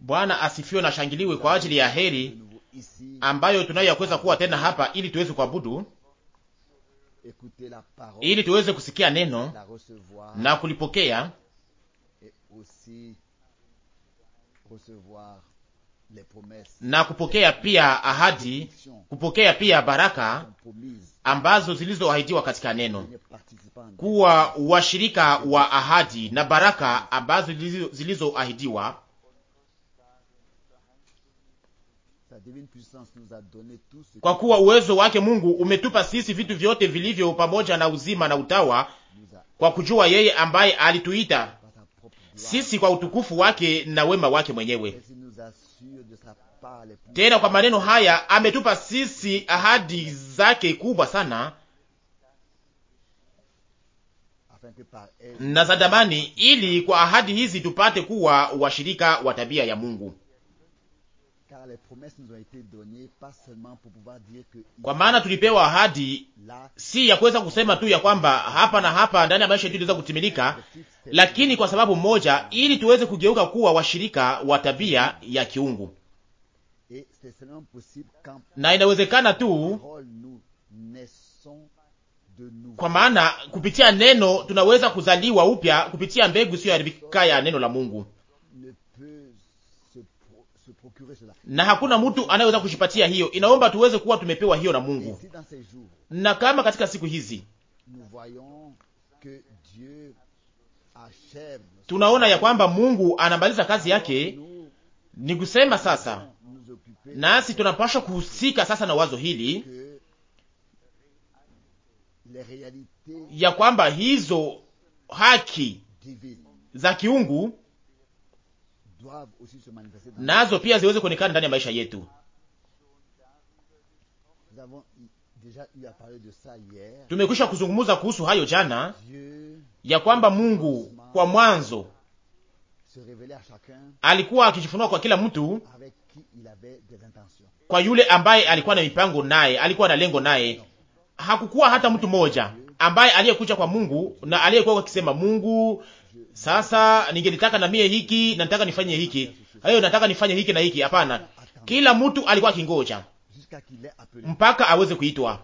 Bwana asifiwe na shangiliwe kwa ajili ya heri ambayo tunayo ya kuweza kuwa tena hapa ili tuweze kuabudu, ili tuweze kusikia neno na kulipokea na kupokea pia ahadi, kupokea pia baraka ambazo zilizoahidiwa katika neno, kuwa washirika wa ahadi na baraka ambazo zilizoahidiwa kwa kuwa uwezo wake Mungu umetupa sisi vitu vyote vilivyo pamoja na uzima na utawa, kwa kujua yeye ambaye alituita sisi kwa utukufu wake na wema wake mwenyewe. Tena kwa maneno haya ametupa sisi ahadi zake kubwa sana na za damani, ili kwa ahadi hizi tupate kuwa washirika wa tabia ya Mungu. Kwa maana tulipewa ahadi, si ya kuweza kusema tu ya kwamba hapa na hapa ndani ya maisha yetu iliweza kutimilika, lakini kwa sababu moja, ili tuweze kugeuka kuwa washirika wa tabia ya kiungu, na inawezekana tu kwa maana kupitia neno tunaweza kuzaliwa upya kupitia mbegu isiyoharibika ya neno la Mungu na hakuna mtu anayeweza kujipatia hiyo. Inaomba tuweze kuwa tumepewa hiyo na Mungu, na kama katika siku hizi tunaona ya kwamba Mungu anamaliza kazi yake, ni kusema sasa nasi tunapaswa kuhusika sasa na wazo hili ya kwamba hizo haki za kiungu nazo pia ziweze kuonekana ndani ya maisha yetu. Tumekwisha kuzungumza kuhusu hayo jana, ya kwamba Mungu kwa mwanzo alikuwa akijifunua kwa kila mtu, kwa yule ambaye alikuwa na mipango naye, alikuwa na lengo naye. Hakukuwa hata mtu mmoja ambaye aliyekuja kwa Mungu na aliyekuwa akisema Mungu sasa ningelitaka na mie hiki na nataka nifanye hiki, hayo nataka nifanye hiki na hiki. Hapana, kila mtu alikuwa akingoja mpaka aweze kuitwa,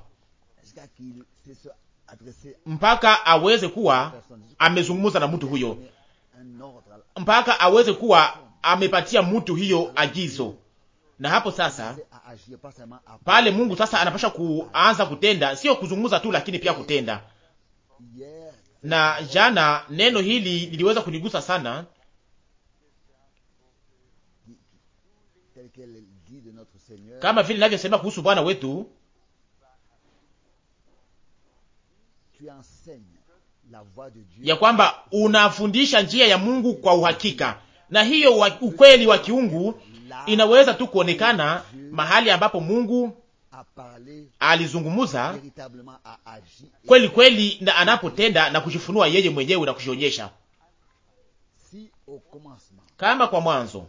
mpaka aweze kuwa amezungumza na mtu huyo, mpaka aweze kuwa amepatia mtu hiyo agizo. Na hapo sasa pale Mungu sasa anapasha kuanza kutenda, sio kuzungumza tu, lakini pia kutenda na jana neno hili liliweza kunigusa sana kama vile navyosema kuhusu Bwana wetu ya kwamba unafundisha njia ya Mungu kwa uhakika, na hiyo ukweli wa kiungu inaweza tu kuonekana mahali ambapo Mungu alizungumuza kweli kweli, na anapotenda na kujifunua yeye mwenyewe na kujionyesha kama kwa mwanzo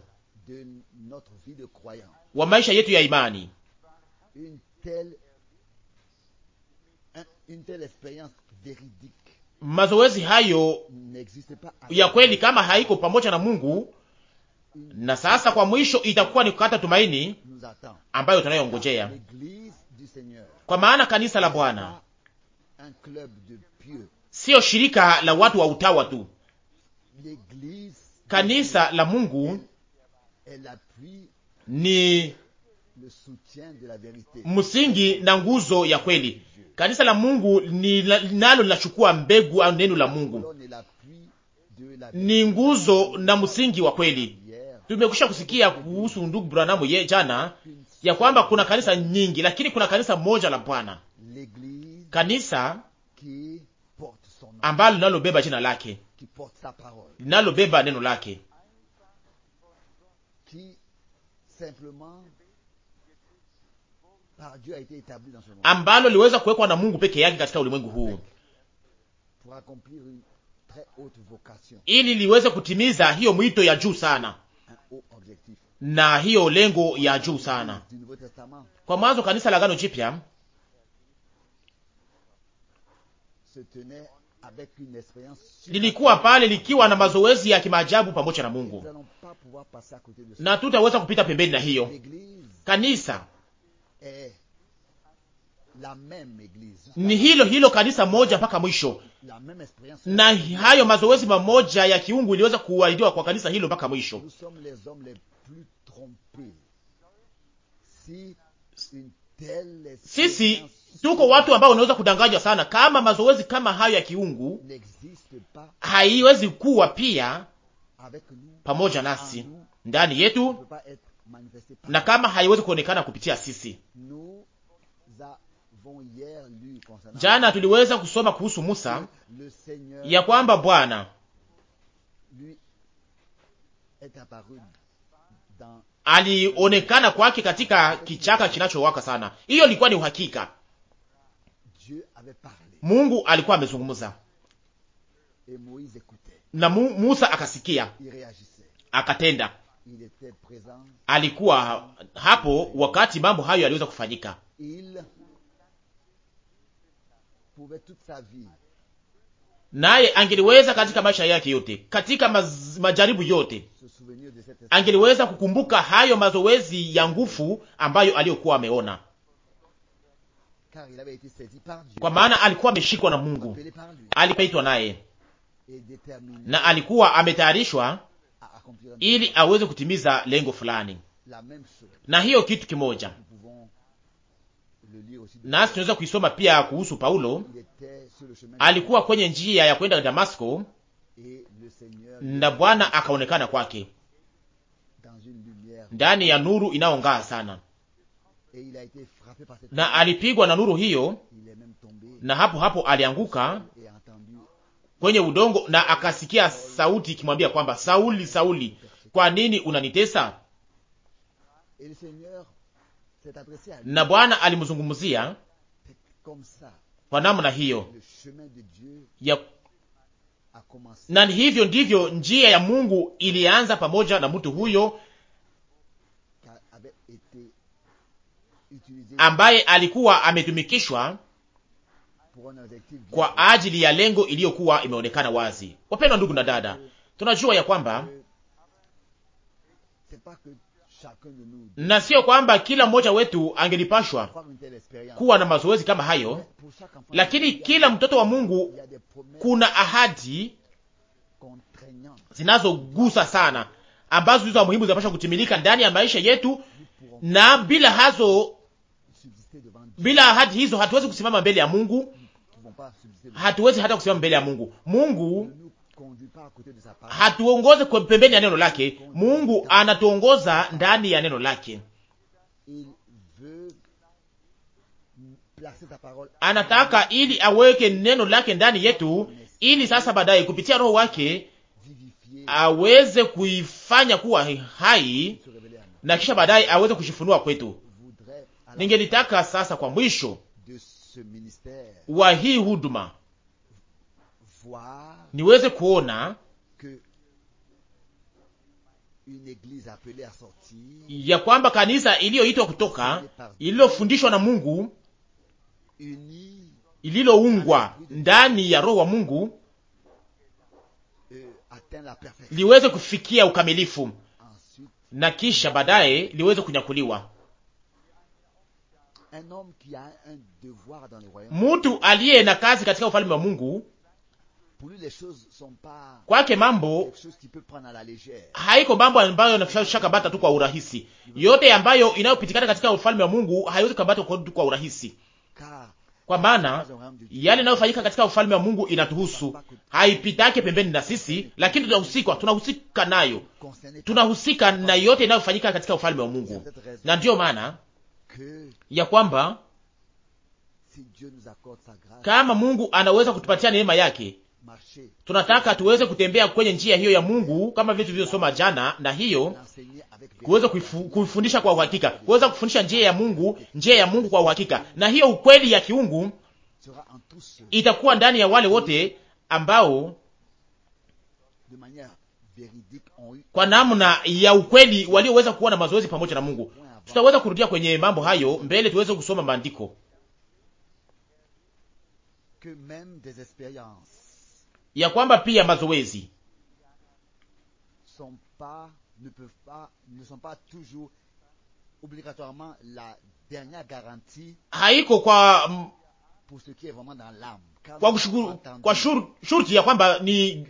wa maisha yetu ya imani mazoezi hayo ya kweli kama haiko pamoja na Mungu. Na sasa kwa mwisho itakuwa ni kukata tumaini ambayo tunayongojea kwa maana kanisa la Bwana siyo shirika la watu wa utawa tu. Kanisa la Mungu ni msingi na nguzo ya kweli. Kanisa la Mungu ni nalo linachukua mbegu au neno la Mungu, ni nguzo na msingi wa kweli. Tumekwisha kusikia kuhusu ndugu Branamu ye jana ya kwamba kuna kanisa nyingi, lakini kuna kanisa moja la Bwana, kanisa ambalo linalobeba jina lake, linalobeba neno lake, ambalo liweza kuwekwa na Mungu peke yake katika ulimwengu huu ili liweze kutimiza hiyo mwito ya juu sana na hiyo lengo ya juu sana. Kwa mwanzo kanisa la gano Jipya lilikuwa pale likiwa na mazoezi ya kimaajabu pamoja na Mungu, na tutaweza kupita pembeni na hiyo. Kanisa ni hilo hilo kanisa moja mpaka mwisho, na hayo mazoezi mamoja ya kiungu iliweza kuahidiwa kwa kanisa hilo mpaka mwisho plus tromper. Si sisi tuko watu ambao unaweza kudanganywa sana, kama mazoezi kama hayo ya kiungu haiwezi kuwa pia pamoja nasi ndani yetu, na kama haiwezi kuonekana kupitia sisi. Jana tuliweza kusoma kuhusu Musa ya kwamba Bwana alionekana kwake katika kichaka kinachowaka sana. Hiyo ilikuwa ni uhakika, Mungu alikuwa amezungumza na Mu, Musa akasikia, akatenda. Alikuwa hapo wakati mambo hayo yaliweza kufanyika naye angeliweza katika maisha yake yote, katika maz, majaribu yote angeliweza kukumbuka hayo mazoezi ya nguvu ambayo aliyokuwa ameona, kwa maana alikuwa ameshikwa na Mungu, alipeitwa naye na alikuwa ametayarishwa ili aweze kutimiza lengo fulani, na hiyo kitu kimoja nasi tunaweza kuisoma pia kuhusu Paulo alikuwa kwenye njia ya kwenda Damasko na Bwana akaonekana kwake ndani ya nuru inaong'aa sana, na alipigwa na nuru hiyo, na hapo hapo alianguka kwenye udongo, na akasikia sauti ikimwambia kwamba Sauli, Sauli, kwa nini unanitesa? na Bwana alimzungumzia kwa namna hiyo ya na hivyo ndivyo njia ya Mungu ilianza pamoja na mtu huyo ambaye alikuwa ametumikishwa kwa ajili ya lengo iliyokuwa imeonekana wazi. Wapendwa ndugu na dada, tunajua ya kwamba na sio kwamba kila mmoja wetu angelipashwa kuwa na mazoezi kama hayo, lakini kila mtoto wa Mungu kuna ahadi zinazogusa sana ambazo hizo muhimu zinapaswa kutimilika ndani ya maisha yetu, na bila hazo, bila ahadi hizo hatuwezi kusimama mbele ya Mungu, hatuwezi hata kusimama mbele ya Mungu. Mungu hatuongoze pembeni ya neno lake. Mungu anatuongoza ndani ya neno lake, anataka ili aweke neno lake ndani yetu, ili sasa baadaye kupitia Roho wake aweze kuifanya kuwa hai na kisha baadaye aweze kushifunua kwetu. Ningelitaka sasa kwa mwisho wa hii huduma niweze kuona ya kwamba kanisa iliyoitwa kutoka, ililofundishwa na Mungu, ililoungwa ndani ya Roho wa Mungu liweze kufikia ukamilifu na kisha baadaye liweze kunyakuliwa. Mtu aliye na kazi katika ufalme wa Mungu kwake mambo haiko mambo ambayo nafisha kabata tu kwa urahisi. Yote ambayo inayopitikana katika ufalme wa Mungu haiwezi kabata tu kwa urahisi, kwa maana yale yanayofanyika katika ufalme wa Mungu inatuhusu, haipitake pembeni na sisi, lakini tunahusika, tunahusika nayo, tunahusika na yote inayofanyika katika ufalme wa Mungu, na ndiyo maana ya kwamba kama Mungu anaweza kutupatia neema yake tunataka tuweze kutembea kwenye njia hiyo ya Mungu kama vile tulivyosoma jana, na hiyo kuweza kuifundisha kwa uhakika, kuweza kufundisha njia ya Mungu, njia ya Mungu kwa uhakika, na hiyo ukweli ya kiungu itakuwa ndani ya wale wote ambao kwa namna ya ukweli walioweza kuwa na mazoezi pamoja na Mungu. Tutaweza kurudia kwenye mambo hayo mbele, tuweze kusoma maandiko ya kwamba pia mazoezi haiko kwa mm, kwa, kushukuru, kwa shur, shurti ya kwamba ni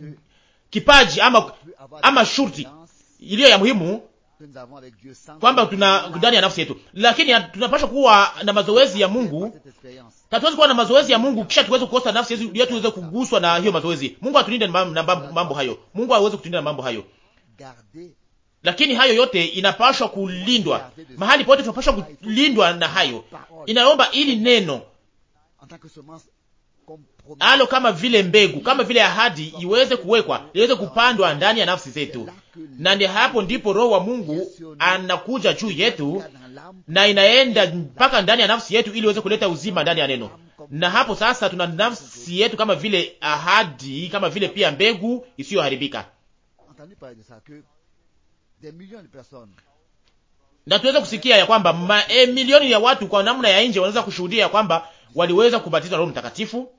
kipaji ama, ama shurti iliyo ya muhimu kwamba tuna ndani ya nafsi yetu, lakini tunapaswa kuwa na mazoezi ya Mungu. Hatuwezi kuwa na mazoezi ya Mungu kisha tuweze kukosa nafsi yetu iweze kuguswa na hiyo mazoezi. Mungu atulinde na mambo hayo, Mungu aweze kutulinda na mambo hayo, lakini hayo yote inapaswa kulindwa mahali pote, tunapaswa kulindwa na hayo. Inaomba ili neno alo kama vile mbegu, kama vile ahadi iweze kuwekwa, iweze kupandwa ndani ya nafsi zetu, na ndi hapo ndipo Roho wa Mungu anakuja juu yetu na inaenda mpaka ndani ya nafsi yetu, ili iweze kuleta uzima ndani ya neno. Na hapo sasa tuna nafsi yetu kama vile ahadi, kama vile pia mbegu isiyoharibika, na tuweze kusikia ya kwamba eh, milioni ya watu kwa namna ya nje wanaweza kushuhudia ya kwamba waliweza kubatizwa Roho Mtakatifu,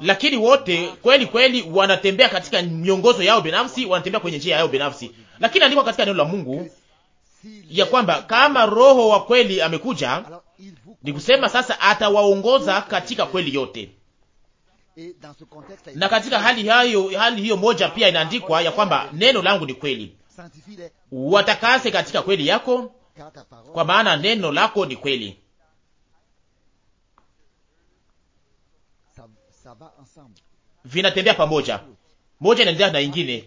lakini wote kweli kweli wanatembea katika miongozo yao binafsi, wanatembea kwenye njia yao binafsi. Lakini andikwa katika neno la Mungu ya kwamba kama Roho wa kweli amekuja, ni kusema sasa atawaongoza katika kweli yote. Na katika hali hiyo, hali hiyo moja pia inaandikwa ya kwamba neno langu ni kweli, watakase katika kweli yako, kwa maana neno lako ni kweli. vinatembea pamoja, moja inaendea na ingine,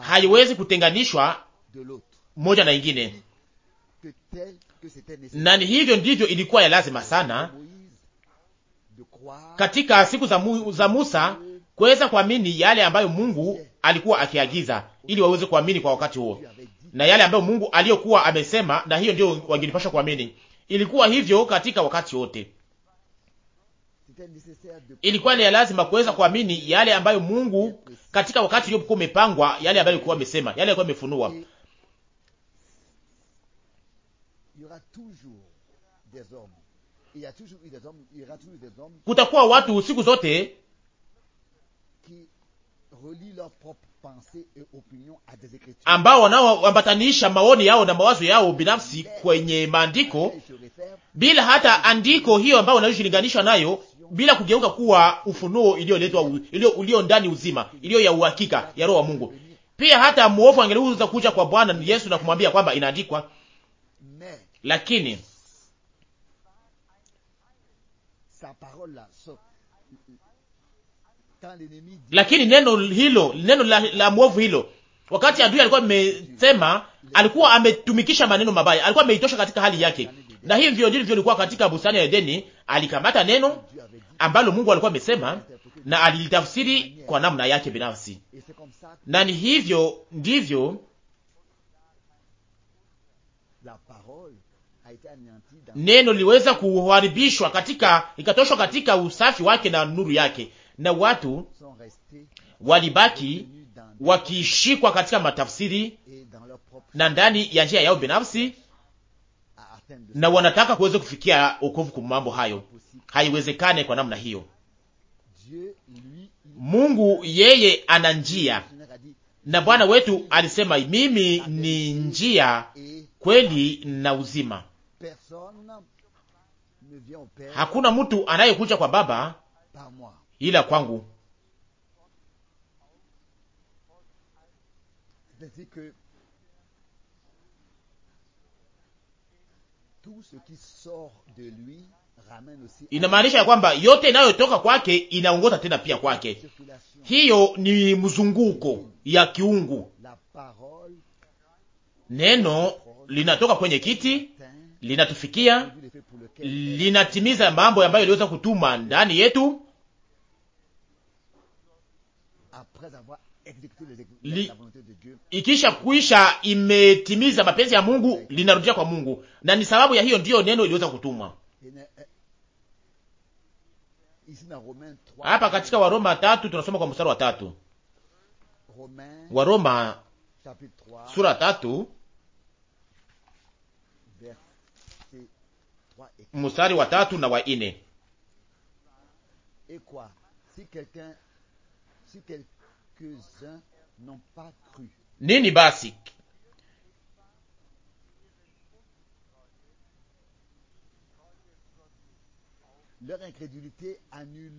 haiwezi kutenganishwa moja na ingine. Na ni hivyo ndivyo ilikuwa ya lazima sana katika siku za, mu, za Musa kuweza kuamini yale ambayo Mungu alikuwa akiagiza ili waweze kuamini kwa wakati huo, na yale ambayo Mungu aliyokuwa amesema, na hiyo ndio wangenipasha kuamini. Ilikuwa hivyo katika wakati wote ilikuwa ni lazima kuweza kuamini yale ambayo Mungu katika wakati uliokuwa umepangwa, yale ambayo alikuwa amesema, yale alikuwa amefunua. Kutakuwa watu siku zote ambao wanaoambatanisha maoni yao na mawazo yao binafsi kwenye maandiko bila hata andiko hiyo ambayo wanayojilinganisha nayo bila kugeuka kuwa ufunuo iliyoletwa iliyo ulio ndani uzima iliyo ya uhakika ya roho wa Mungu. Pia hata mwovu angeliweza kuja kwa Bwana Yesu na kumwambia kwamba inaandikwa, lakini lakini neno hilo neno la, la mwovu hilo, wakati adui alikuwa amesema, alikuwa ametumikisha maneno mabaya, alikuwa ameitosha katika hali yake, na hivyo ndivyo ilikuwa katika bustani ya Edeni, alikamata neno ambalo Mungu alikuwa amesema na alilitafsiri kwa namna yake binafsi, na ni hivyo ndivyo neno liweza kuharibishwa katika, ikatoshwa katika usafi wake na nuru yake, na watu walibaki wakishikwa katika matafsiri na ndani ya njia yao binafsi na wanataka kuweza kufikia ukovu kwa mambo hayo. Haiwezekane kwa namna hiyo. Mungu yeye ana njia, na Bwana wetu alisema, mimi ni njia, kweli na uzima. Hakuna mtu anayekuja kwa Baba ila kwangu. Inamaanisha ya kwamba yote inayotoka kwake inaongoza tena pia kwake. Hiyo ni mzunguko ya kiungu. Neno linatoka kwenye kiti, linatufikia, linatimiza mambo ambayo iliweza kutuma ndani yetu li, ikisha kuisha imetimiza mapenzi ya Mungu, linarudia kwa Mungu, na ni sababu ya hiyo ndiyo neno iliweza kutumwa eh, hapa katika Waroma tatu tunasoma kwa mstari wa tatu Waroma sura tatu mstari wa tatu na wa ine. Nini basi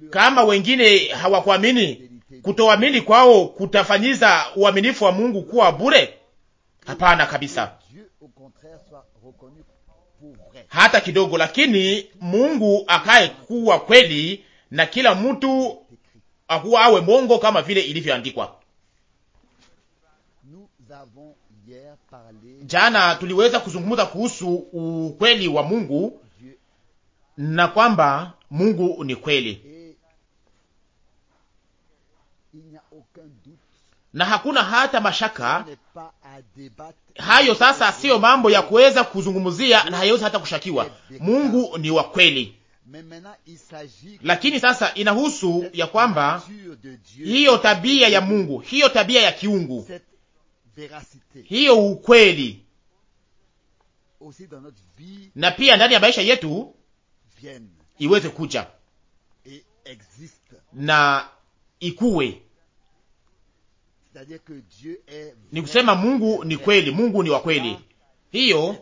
kama wengine hawakuamini, kutoamini kwao kutafanyiza uaminifu wa Mungu kuwa bure? Hapana kabisa, hata kidogo. Lakini Mungu akaye kuwa kweli na kila mtu akuwa awe mwongo kama vile ilivyoandikwa. Jana tuliweza kuzungumza kuhusu ukweli wa Mungu na kwamba Mungu ni kweli, na hakuna hata mashaka hayo. Sasa siyo mambo ya kuweza kuzungumzia na hayawezi hata kushakiwa. Mungu ni wa kweli lakini sasa inahusu ya kwamba hiyo tabia ya Mungu, hiyo tabia ya kiungu, hiyo ukweli, na pia ndani ya maisha yetu iweze kuja na ikuwe ni kusema Mungu ni kweli, Mungu ni wa kweli, hiyo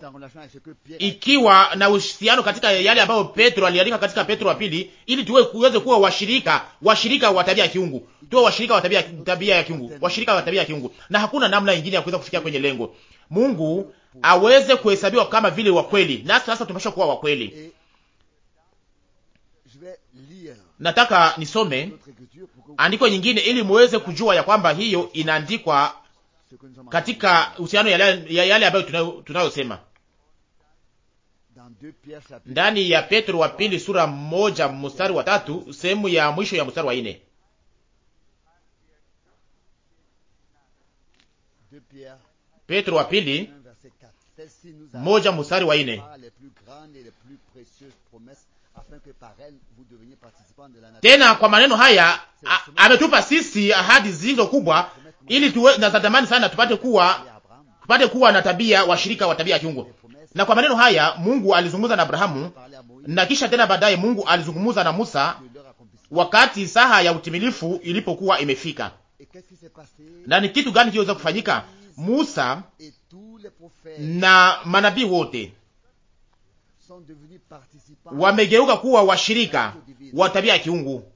ikiwa na uhusiano katika yale ambayo Petro aliandika katika Petro wa pili, ili tuwe kuweze kuwa washirika washirika wa tabia ya kiungu, tuwe washirika wa tabia tabia ya kiungu, washirika wa tabia ya kiungu, na hakuna namna nyingine ya kuweza kufikia kwenye lengo Mungu aweze kuhesabiwa kama vile wa kweli, nasi sasa tumesha kuwa wa kweli. Nataka nisome andiko nyingine ili muweze kujua ya kwamba hiyo inaandikwa katika uhusiano ya yale ambayo tunayosema ndani ya Petro wa pili sura moja mstari wa tatu sehemu ya mwisho ya mstari wa nne. Petro wa pili moja mstari wa nne. Tena kwa maneno haya ametupa sisi ahadi zilizo kubwa ili tuwe natamani sana tupate kuwa tupate kuwa na tabia washirika wa tabia ya kiungu. Na kwa maneno haya Mungu alizungumza na Abrahamu, na kisha tena baadaye Mungu alizungumza na Musa wakati saha ya utimilifu ilipokuwa imefika. Na ni kitu gani kiweza kufanyika? Musa na manabii wote wamegeuka kuwa washirika wa tabia ya kiungu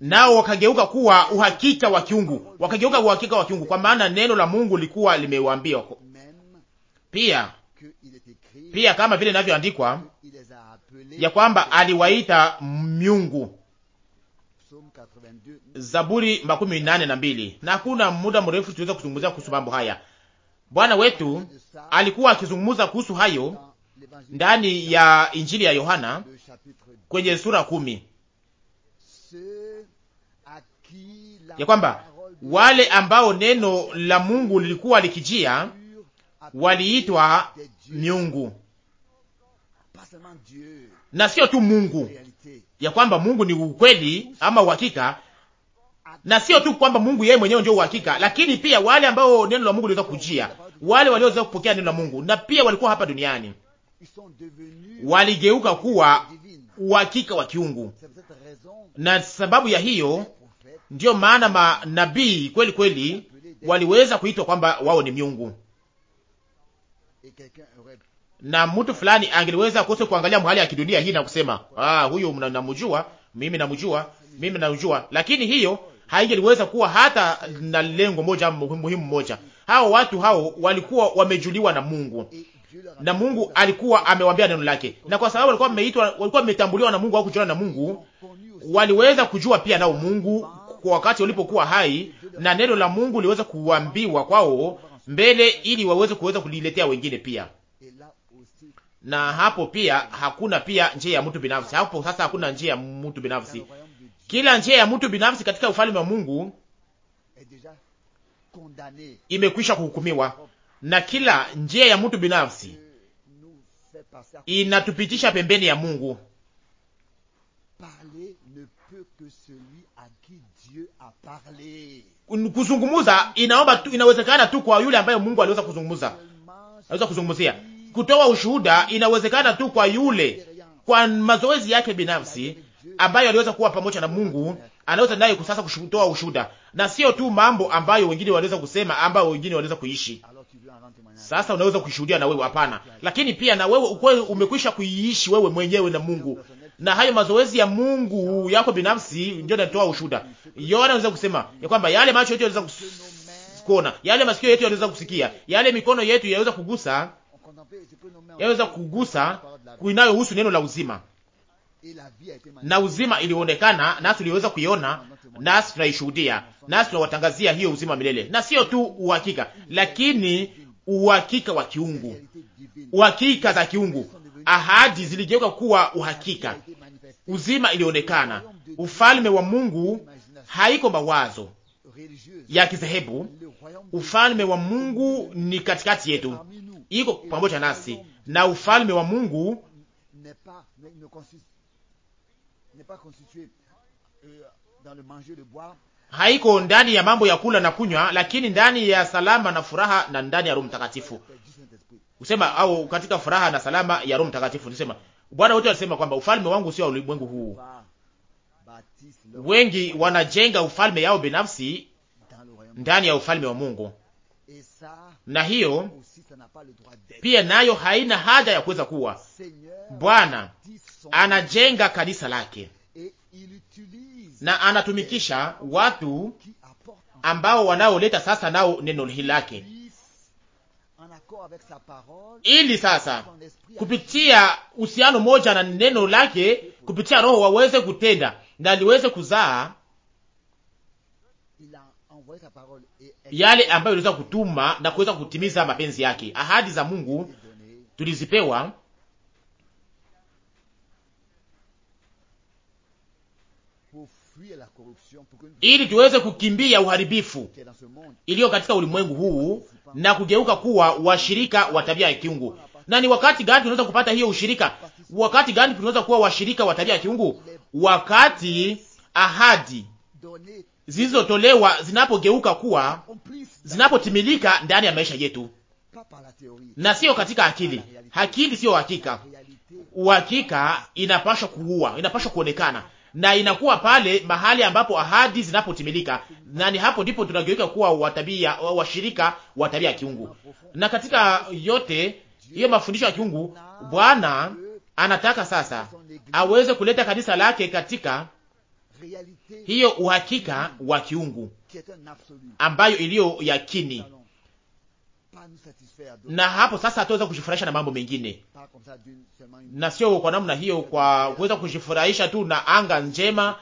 nao wakageuka kuwa uhakika wa kiungu, wakageuka uhakika wa kiungu, kwa maana neno la Mungu likuwa limewaambia pia pia, kama vile inavyoandikwa ya kwamba aliwaita miungu, Zaburi makumi nane na mbili. Na hakuna muda mrefu tuweza kuzungumzia kuhusu mambo haya. Bwana wetu alikuwa akizungumza kuhusu hayo ndani ya Injili ya Yohana kwenye sura kumi ya kwamba wale ambao neno la Mungu lilikuwa likijia waliitwa miungu na sio tu Mungu, ya kwamba Mungu ni ukweli ama uhakika, na sio tu kwamba Mungu yeye mwenyewe ndio uhakika, lakini pia wale ambao neno la Mungu liweza kujia, wale walioweza kupokea neno la Mungu na pia walikuwa hapa duniani waligeuka kuwa uhakika wa kiungu, na sababu ya hiyo ndiyo maana manabii kweli kweli waliweza kuitwa kwamba wao ni miungu, na mtu fulani angeliweza kose kuangalia mahali ya kidunia hii na kusema ah, huyu namjua mimi, namjua mimi, namjua, lakini hiyo haingeliweza kuwa hata na lengo moja muhimu moja. Hao watu hao walikuwa wamejuliwa na Mungu na Mungu alikuwa amewambia neno lake, na kwa sababu walikuwa wameitwa, walikuwa wametambuliwa na Mungu au kujuana na Mungu, waliweza kujua pia nao Mungu kwa wakati walipokuwa hai, na neno la Mungu liweza kuambiwa kwao mbele, ili waweze kuweza kuliletea wengine pia. Na hapo pia hakuna pia njia ya mtu binafsi hapo. Sasa hakuna njia ya mtu binafsi, kila njia ya mtu binafsi katika ufalme wa Mungu imekwisha kuhukumiwa na kila njia ya mtu binafsi inatupitisha pembeni ya Mungu. Kuzungumuza inaomba tu, inawezekana tu kwa yule ambaye Mungu aliweza kuzungumuza, anaweza kuzungumzia. Kutoa ushuhuda inawezekana tu kwa yule, kwa mazoezi yake binafsi ambayo aliweza kuwa pamoja na Mungu, anaweza naye kusasa kutoa ushuhuda, na sio tu mambo ambayo wengine waliweza kusema, ambayo wengine waliweza kuishi. Sasa unaweza kushuhudia na wewe hapana, lakini pia na wewe ukweli umekwisha kuiishi wewe mwenyewe na Mungu, na hayo mazoezi ya Mungu yako binafsi ndio yanatoa ushuhuda. Yohana anaweza kusema ya kwamba yale macho yetu yanaweza kuona, yale masikio yetu yanaweza kusikia, yale mikono yetu yaweza kugusa, yaweza kugusa kuinayohusu neno la uzima, na uzima ilionekana nasi tuliweza kuiona, nasi tunaishuhudia, nasi tunawatangazia hiyo uzima milele, na sio tu uhakika, lakini uhakika wa kiungu, uhakika za kiungu. Ahadi ziligeuka kuwa uhakika, uzima ilionekana. Ufalme wa Mungu haiko mawazo ya kizehebu. Ufalme wa Mungu ni katikati yetu, iko pamoja nasi, na ufalme wa Mungu haiko ndani ya mambo ya kula na kunywa, lakini ndani ya salama na furaha na ndani ya Roho Mtakatifu usema, au katika furaha na salama ya Roho Mtakatifu. Nisema Bwana wote wanasema kwamba ufalme wangu sio wa ulimwengu huu. Wengi wanajenga ufalme yao binafsi ndani ya ufalme wa Mungu, na hiyo pia nayo haina haja ya kuweza kuwa. Bwana anajenga kanisa lake na anatumikisha watu ambao wanaoleta sasa nao neno lake ili sasa kupitia uhusiano moja na neno lake kupitia Roho waweze kutenda na liweze kuzaa yale ambayo iliweza kutuma na kuweza kutimiza mapenzi yake. Ahadi za Mungu tulizipewa ili tuweze kukimbia uharibifu iliyo katika ulimwengu huu na kugeuka kuwa washirika wa tabia ya kiungu. Na ni wakati gani tunaweza kupata hiyo ushirika? Wakati gani tunaweza kuwa washirika wa tabia ya kiungu? Wakati ahadi zilizotolewa zinapogeuka kuwa, zinapotimilika ndani ya maisha yetu, na sio katika akili. Akili sio hakika, uhakika inapaswa kuua, inapashwa kuonekana na inakuwa pale mahali ambapo ahadi zinapotimilika, na ni hapo ndipo tunageuka kuwa watabia washirika wa tabia ya kiungu. Na katika yote hiyo mafundisho ya kiungu, Bwana anataka sasa aweze kuleta kanisa lake katika hiyo uhakika wa kiungu ambayo iliyo yakini na hapo sasa hatuweza kujifurahisha na mambo mengine, na sio kwa namna hiyo, kwa kuweza kujifurahisha tu na anga njema.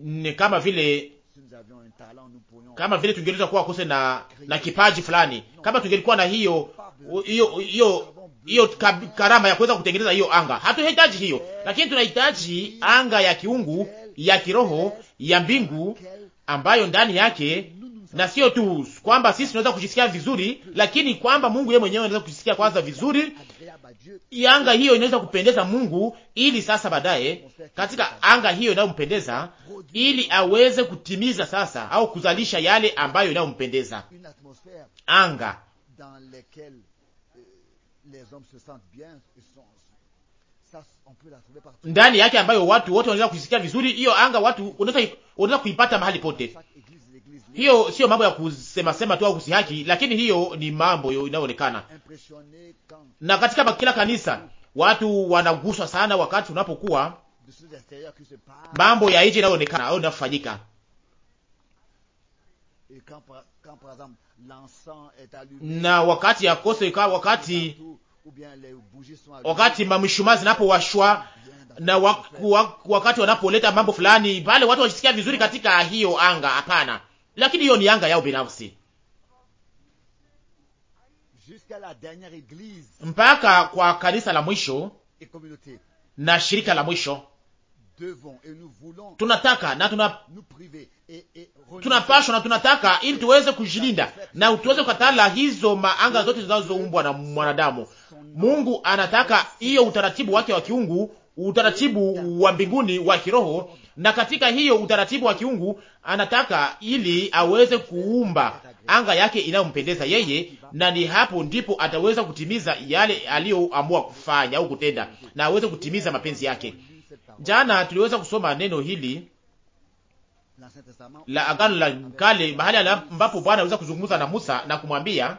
Ni kama vile kama vile tungeliweza kuwa kose na na kipaji fulani, kama tungelikuwa na hiyo hiyo hiyo hiyo karama ya kuweza kutengeneza hiyo anga. Hatuhitaji hiyo, lakini tunahitaji anga ya kiungu ya kiroho ya mbingu ambayo ndani yake na sio tu kwamba sisi tunaweza kujisikia vizuri, lakini kwamba Mungu yeye mwenyewe anaweza kujisikia kwanza vizuri. Anga hiyo inaweza kupendeza Mungu, ili sasa baadaye katika anga hiyo inayompendeza, ili aweze kutimiza sasa au kuzalisha yale ambayo inayompendeza anga euh, ndani yake ambayo watu wote wanaweza kujisikia vizuri. Hiyo anga watu unaweza kuipata mahali pote, hiyo sio mambo ya kusema sema tu au kusihaki, lakini hiyo ni mambo inayoonekana. Na katika kila kanisa watu wanaguswa sana wakati unapokuwa mambo ya nje inayoonekana au inafanyika na wakati yakose wakati wakati mamishuma zinapowashwa na wak, wak, wakati wanapoleta mambo fulani pale, watu wajisikia vizuri katika hiyo anga. Hapana, lakini hiyo ni anga yao binafsi mpaka kwa kanisa la mwisho na shirika la mwisho tunataka na tuna, tunapashwa na tunataka ili tuweze kujilinda na tuweze kukatala hizo maanga zote zinazoumbwa na mwanadamu. Mungu anataka hiyo utaratibu wake wa kiungu, utaratibu wa mbinguni wa kiroho na katika hiyo utaratibu wa kiungu anataka ili aweze kuumba anga yake inayompendeza yeye, na ni hapo ndipo ataweza kutimiza yale aliyoamua kufanya au kutenda, na aweze kutimiza mapenzi yake. Jana tuliweza kusoma neno hili la Agano la Kale, mahali ambapo Bwana aliweza kuzungumza na Musa na kumwambia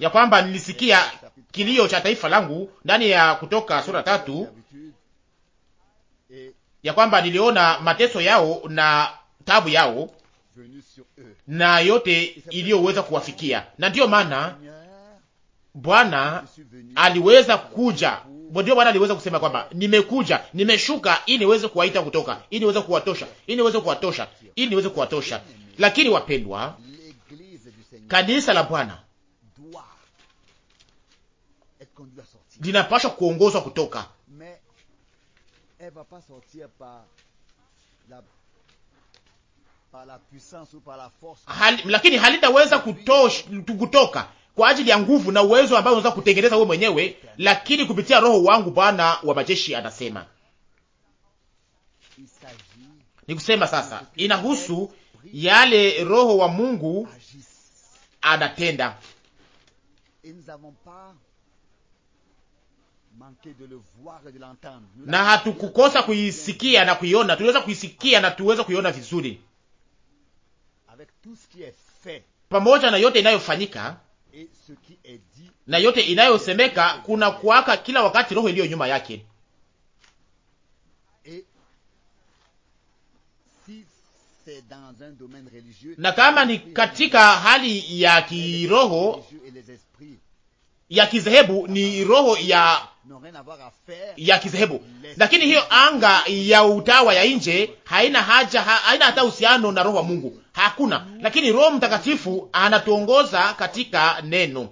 ya kwamba nilisikia kilio cha taifa langu ndani ya Kutoka sura tatu, ya kwamba niliona mateso yao na tabu yao na yote iliyoweza kuwafikia, na ndiyo maana Bwana aliweza kuja. Ndio Bwana aliweza kusema kwamba nimekuja, nimeshuka ili niweze kuwaita kutoka, ili niweze kuwatosha, ili niweze kuwatosha, ili niweze kuwatosha. Lakini wapendwa, Kanisa la Bwana linapashwa kuongozwa kutoka lakini halitaweza kutoka kwa ajili ya nguvu na uwezo ambao unaweza kutengeneza wewe mwenyewe, lakini kupitia Roho wangu Bwana wa majeshi anasema. Ni kusema sasa inahusu yale Roho wa Mungu anatenda. Na hatukukosa kuisikia na kuiona, tuliweza kuisikia na tuweza kuiona vizuri pamoja na yote inayofanyika na yote inayosemeka. Kuna kuwaka kila wakati roho iliyo nyuma yake na kama ni katika hali ya kiroho ya kizehebu ni roho ya ya kizehebu, lakini hiyo anga ya utawa ya nje haina haja, haina hata uhusiano na roho wa Mungu, hakuna. Lakini Roho Mtakatifu anatuongoza katika neno,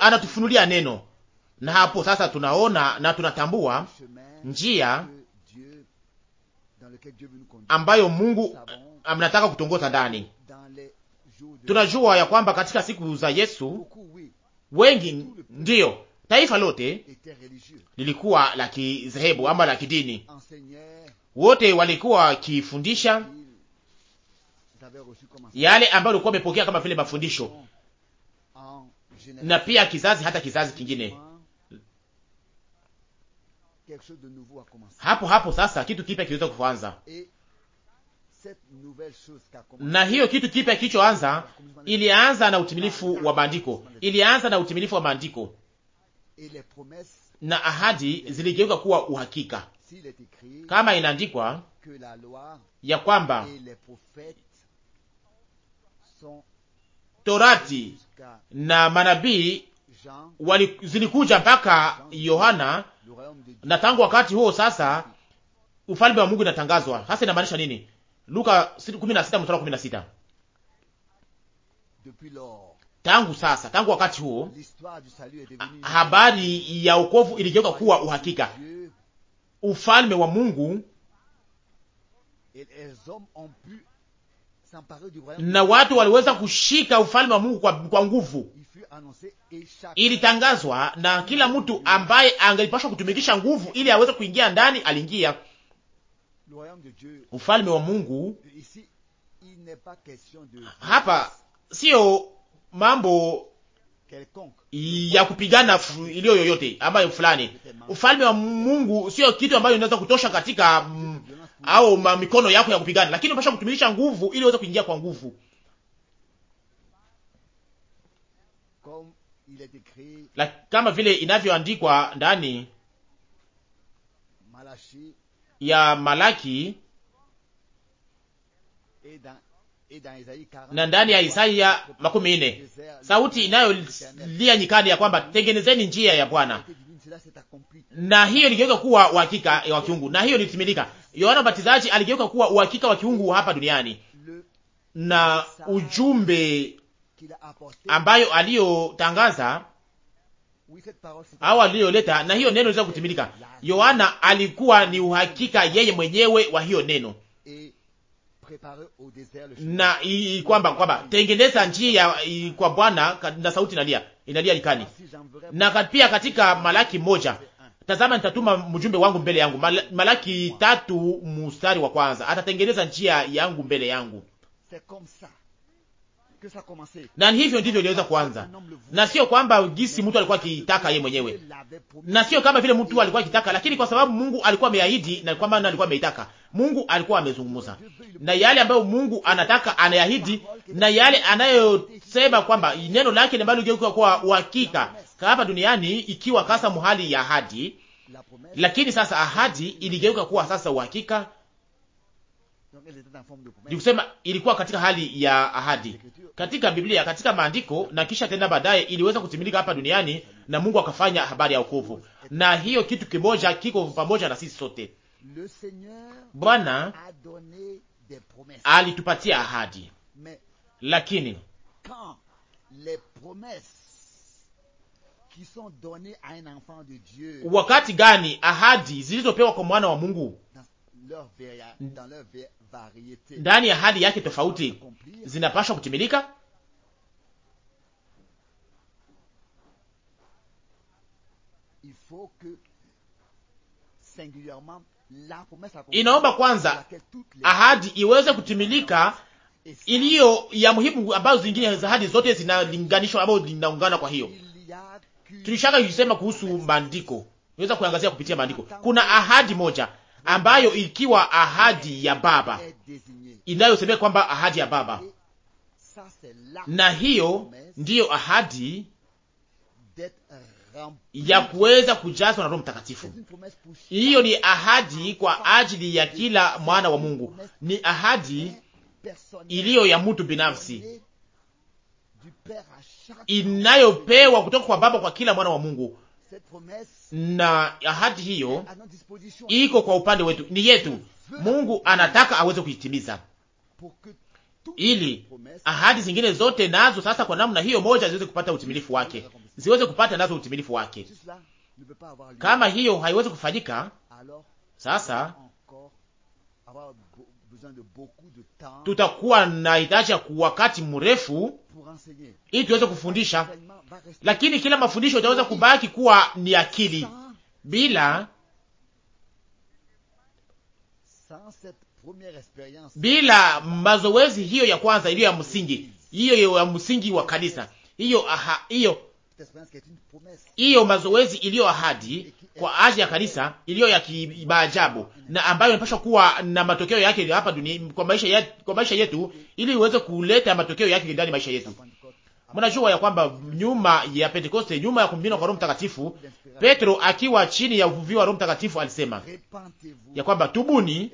anatufunulia neno, na hapo sasa tunaona na tunatambua njia ambayo Mungu anataka kutongoza ndani. Tunajua ya kwamba katika siku za Yesu wengi, ndiyo taifa lote lilikuwa la kidhehebu ama la kidini, wote walikuwa wakifundisha yale ambayo walikuwa wamepokea kama vile mafundisho, na pia kizazi hata kizazi kingine hapo hapo sasa kitu kipya kiliweza kuanza, na hiyo kitu kipya kilichoanza ilianza na utimilifu wa maandiko, ilianza na utimilifu wa maandiko, na ahadi ziligeuka kuwa uhakika, kama inaandikwa ya kwamba Torati na manabii zilikuja mpaka Yohana na tangu wakati huo sasa ufalme wa Mungu inatangazwa. Hasa inamaanisha nini? Luka 16 mstari 16. Tangu sasa, tangu wakati huo habari ya wokovu iligeuka kuwa uhakika. Ufalme wa Mungu na watu waliweza kushika ufalme wa Mungu kwa, kwa nguvu ilitangazwa na kila mtu ambaye angelipashwa kutumikisha nguvu ili aweze kuingia ndani, aliingia ufalme wa Mungu. Hapa sio mambo ya kupigana iliyo yoyote ambayo fulani. Ufalme wa Mungu sio kitu ambayo inaweza kutosha katika mm, au mikono yako ya kupigana, lakini unapaswa kutumilisha nguvu ili uweze kuingia kwa nguvu. la kama vile inavyoandikwa ndani ya Malaki na ndani ya Isaya makumi nne sauti inayolia nyikani ya kwamba tengenezeni njia ya Bwana, na hiyo iligeuka kuwa uhakika wa kiungu, na hiyo ilitimilika. Yohana Mbatizaji aligeuka kuwa uhakika wa kiungu hapa duniani, na ujumbe ambayo aliyotangaza au aliyoleta, na hiyo neno liweza kutimilika. Yohana alikuwa ni uhakika yeye mwenyewe wa hiyo neno na kwamba kwamba tengeneza njia i, kwa Bwana na sauti inalia inalia likani, ah, na pia katika Malaki moja tazama, nitatuma mjumbe wangu mbele yangu. Mal, Malaki tatu mstari wa kwanza, atatengeneza njia yangu mbele yangu na hivyo ndivyo iliweza kuanza, na sio kwamba gisi mtu alikuwa akitaka yeye mwenyewe, na sio kama vile mtu alikuwa akitaka, lakini kwa sababu Mungu alikuwa ameahidi na kwamba alikuwa ameitaka, Mungu alikuwa amezungumza na yale ambayo Mungu anataka anayahidi, na yale anayosema kwamba neno lake ambalo ligeuka kwa uhakika hapa duniani, ikiwa kasa muhali ya ahadi, lakini sasa ahadi iligeuka kuwa sasa uhakika. ni kusema ilikuwa katika hali ya ahadi katika Biblia, katika maandiko, na kisha tena baadaye iliweza kutimilika hapa duniani na Mungu akafanya habari ya wokovu, na hiyo kitu kimoja kiko pamoja na sisi sote. Bwana alitupatia ahadi, lakini wakati gani ahadi zilizopewa kwa mwana wa Mungu ndani ya hali yake tofauti zinapashwa kutimilika. Inaomba kwanza ahadi iweze kutimilika iliyo ya muhimu, ambazo zingine za ahadi zote zinalinganishwa ambayo zinaungana Kwa hiyo tulishaka kusema kuhusu maandiko, niweza kuangazia kupitia maandiko. Kuna ahadi moja ambayo ikiwa ahadi ya Baba inayosemea kwamba ahadi ya Baba, na hiyo ndiyo ahadi ya kuweza kujazwa na Roho Mtakatifu. Hiyo ni ahadi kwa ajili ya kila mwana wa Mungu, ni ahadi iliyo ya mtu binafsi inayopewa kutoka kwa Baba kwa kila mwana wa Mungu na ahadi hiyo iko kwa upande wetu, ni yetu. Mungu anataka aweze kuitimiza ili ahadi zingine zote nazo sasa kwa namna hiyo moja ziweze kupata utimilifu wake, ziweze kupata nazo utimilifu wake. Kama hiyo haiwezi kufanyika sasa tutakuwa na hitaji ya wakati mrefu ili tuweze kufundisha, lakini kila mafundisho itaweza kubaki kuwa ni akili bila bila mazoezi hiyo ya kwanza iliyo ya msingi, hiyo ya msingi wa kanisa hiyo, aha, hiyo hiyo mazoezi iliyo ahadi kwa ajili ya kanisa iliyo ya kimaajabu na ambayo inapaswa kuwa na matokeo yake hapa duniani kwa maisha yetu, kwa maisha yetu ili iweze kuleta matokeo yake ndani maisha yetu. Mnajua ya kwamba nyuma ya Pentekoste, nyuma ya kumiminwa kwa Roho Mtakatifu, Petro akiwa chini ya uvuvio wa Roho Mtakatifu alisema ya kwamba tubuni,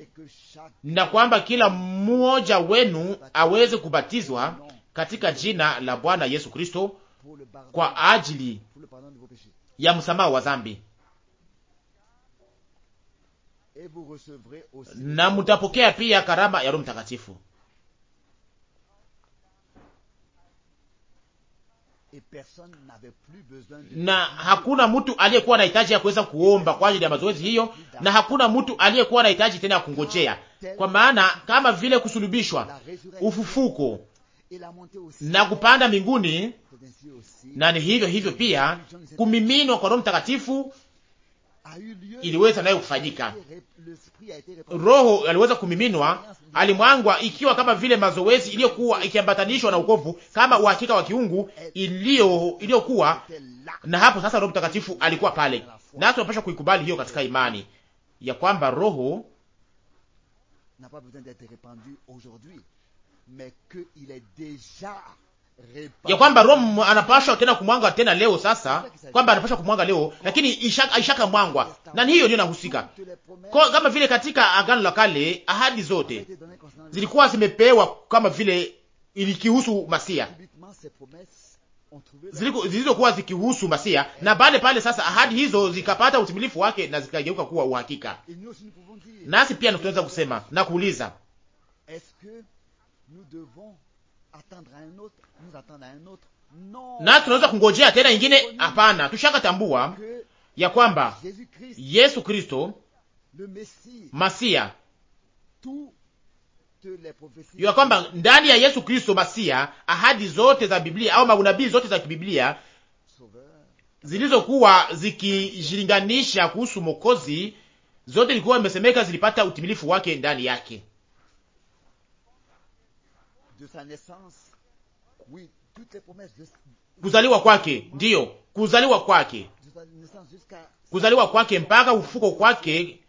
na kwamba kila mmoja wenu aweze kubatizwa katika jina la Bwana Yesu Kristo kwa ajili ya msamaha wa dhambi, na mutapokea pia karama ya Roho Mtakatifu. na hakuna mtu aliyekuwa na hitaji ya kuweza kuomba kwa ajili ya mazoezi hiyo, na hakuna mtu aliyekuwa na hitaji tena ya kungojea, kwa maana kama vile kusulubishwa, ufufuko, na kupanda mbinguni, na ni hivyo hivyo pia kumiminwa kwa Roho Mtakatifu iliweza nayo kufanyika. Roho aliweza kumiminwa, alimwangwa ikiwa kama vile mazoezi iliyokuwa ikiambatanishwa na ukovu kama uhakika wa kiungu iliyo iliyokuwa na hapo. Sasa Roho Mtakatifu alikuwa pale, nasi tunapaswa kuikubali hiyo katika imani ya kwamba Roho ya kwamba Roho anapashwa tena kumwanga tena leo sasa, kwamba anapashwa kumwanga leo, lakini ishaka, ishaka mwangwa na hiyo ndio inahusika kama vile katika Agano la Kale ahadi zote zilikuwa zimepewa kama vile ilikihusu Masia zilizokuwa zikihusu Masia, na pale pale sasa ahadi hizo zikapata utimilifu wake na zikageuka kuwa uhakika. Nasi pia tunaweza kusema na kuuliza nous devons attendre à un autre, nous attendre à un autre. Na tunaweza kungojea tena nyingine? Hapana, tambua ya kwamba Yesu Kristo Masia, ya kwamba ndani ya Yesu Kristo Masia ahadi zote za Biblia au maunabii zote za kibiblia zilizokuwa zikijilinganisha kuhusu Mokozi, zote ilikuwa imesemeka zilipata utimilifu wake ndani yake kuzaliwa kwake, ndiyo kuzaliwa kwake, kuzaliwa kwake mpaka ufuko kwake,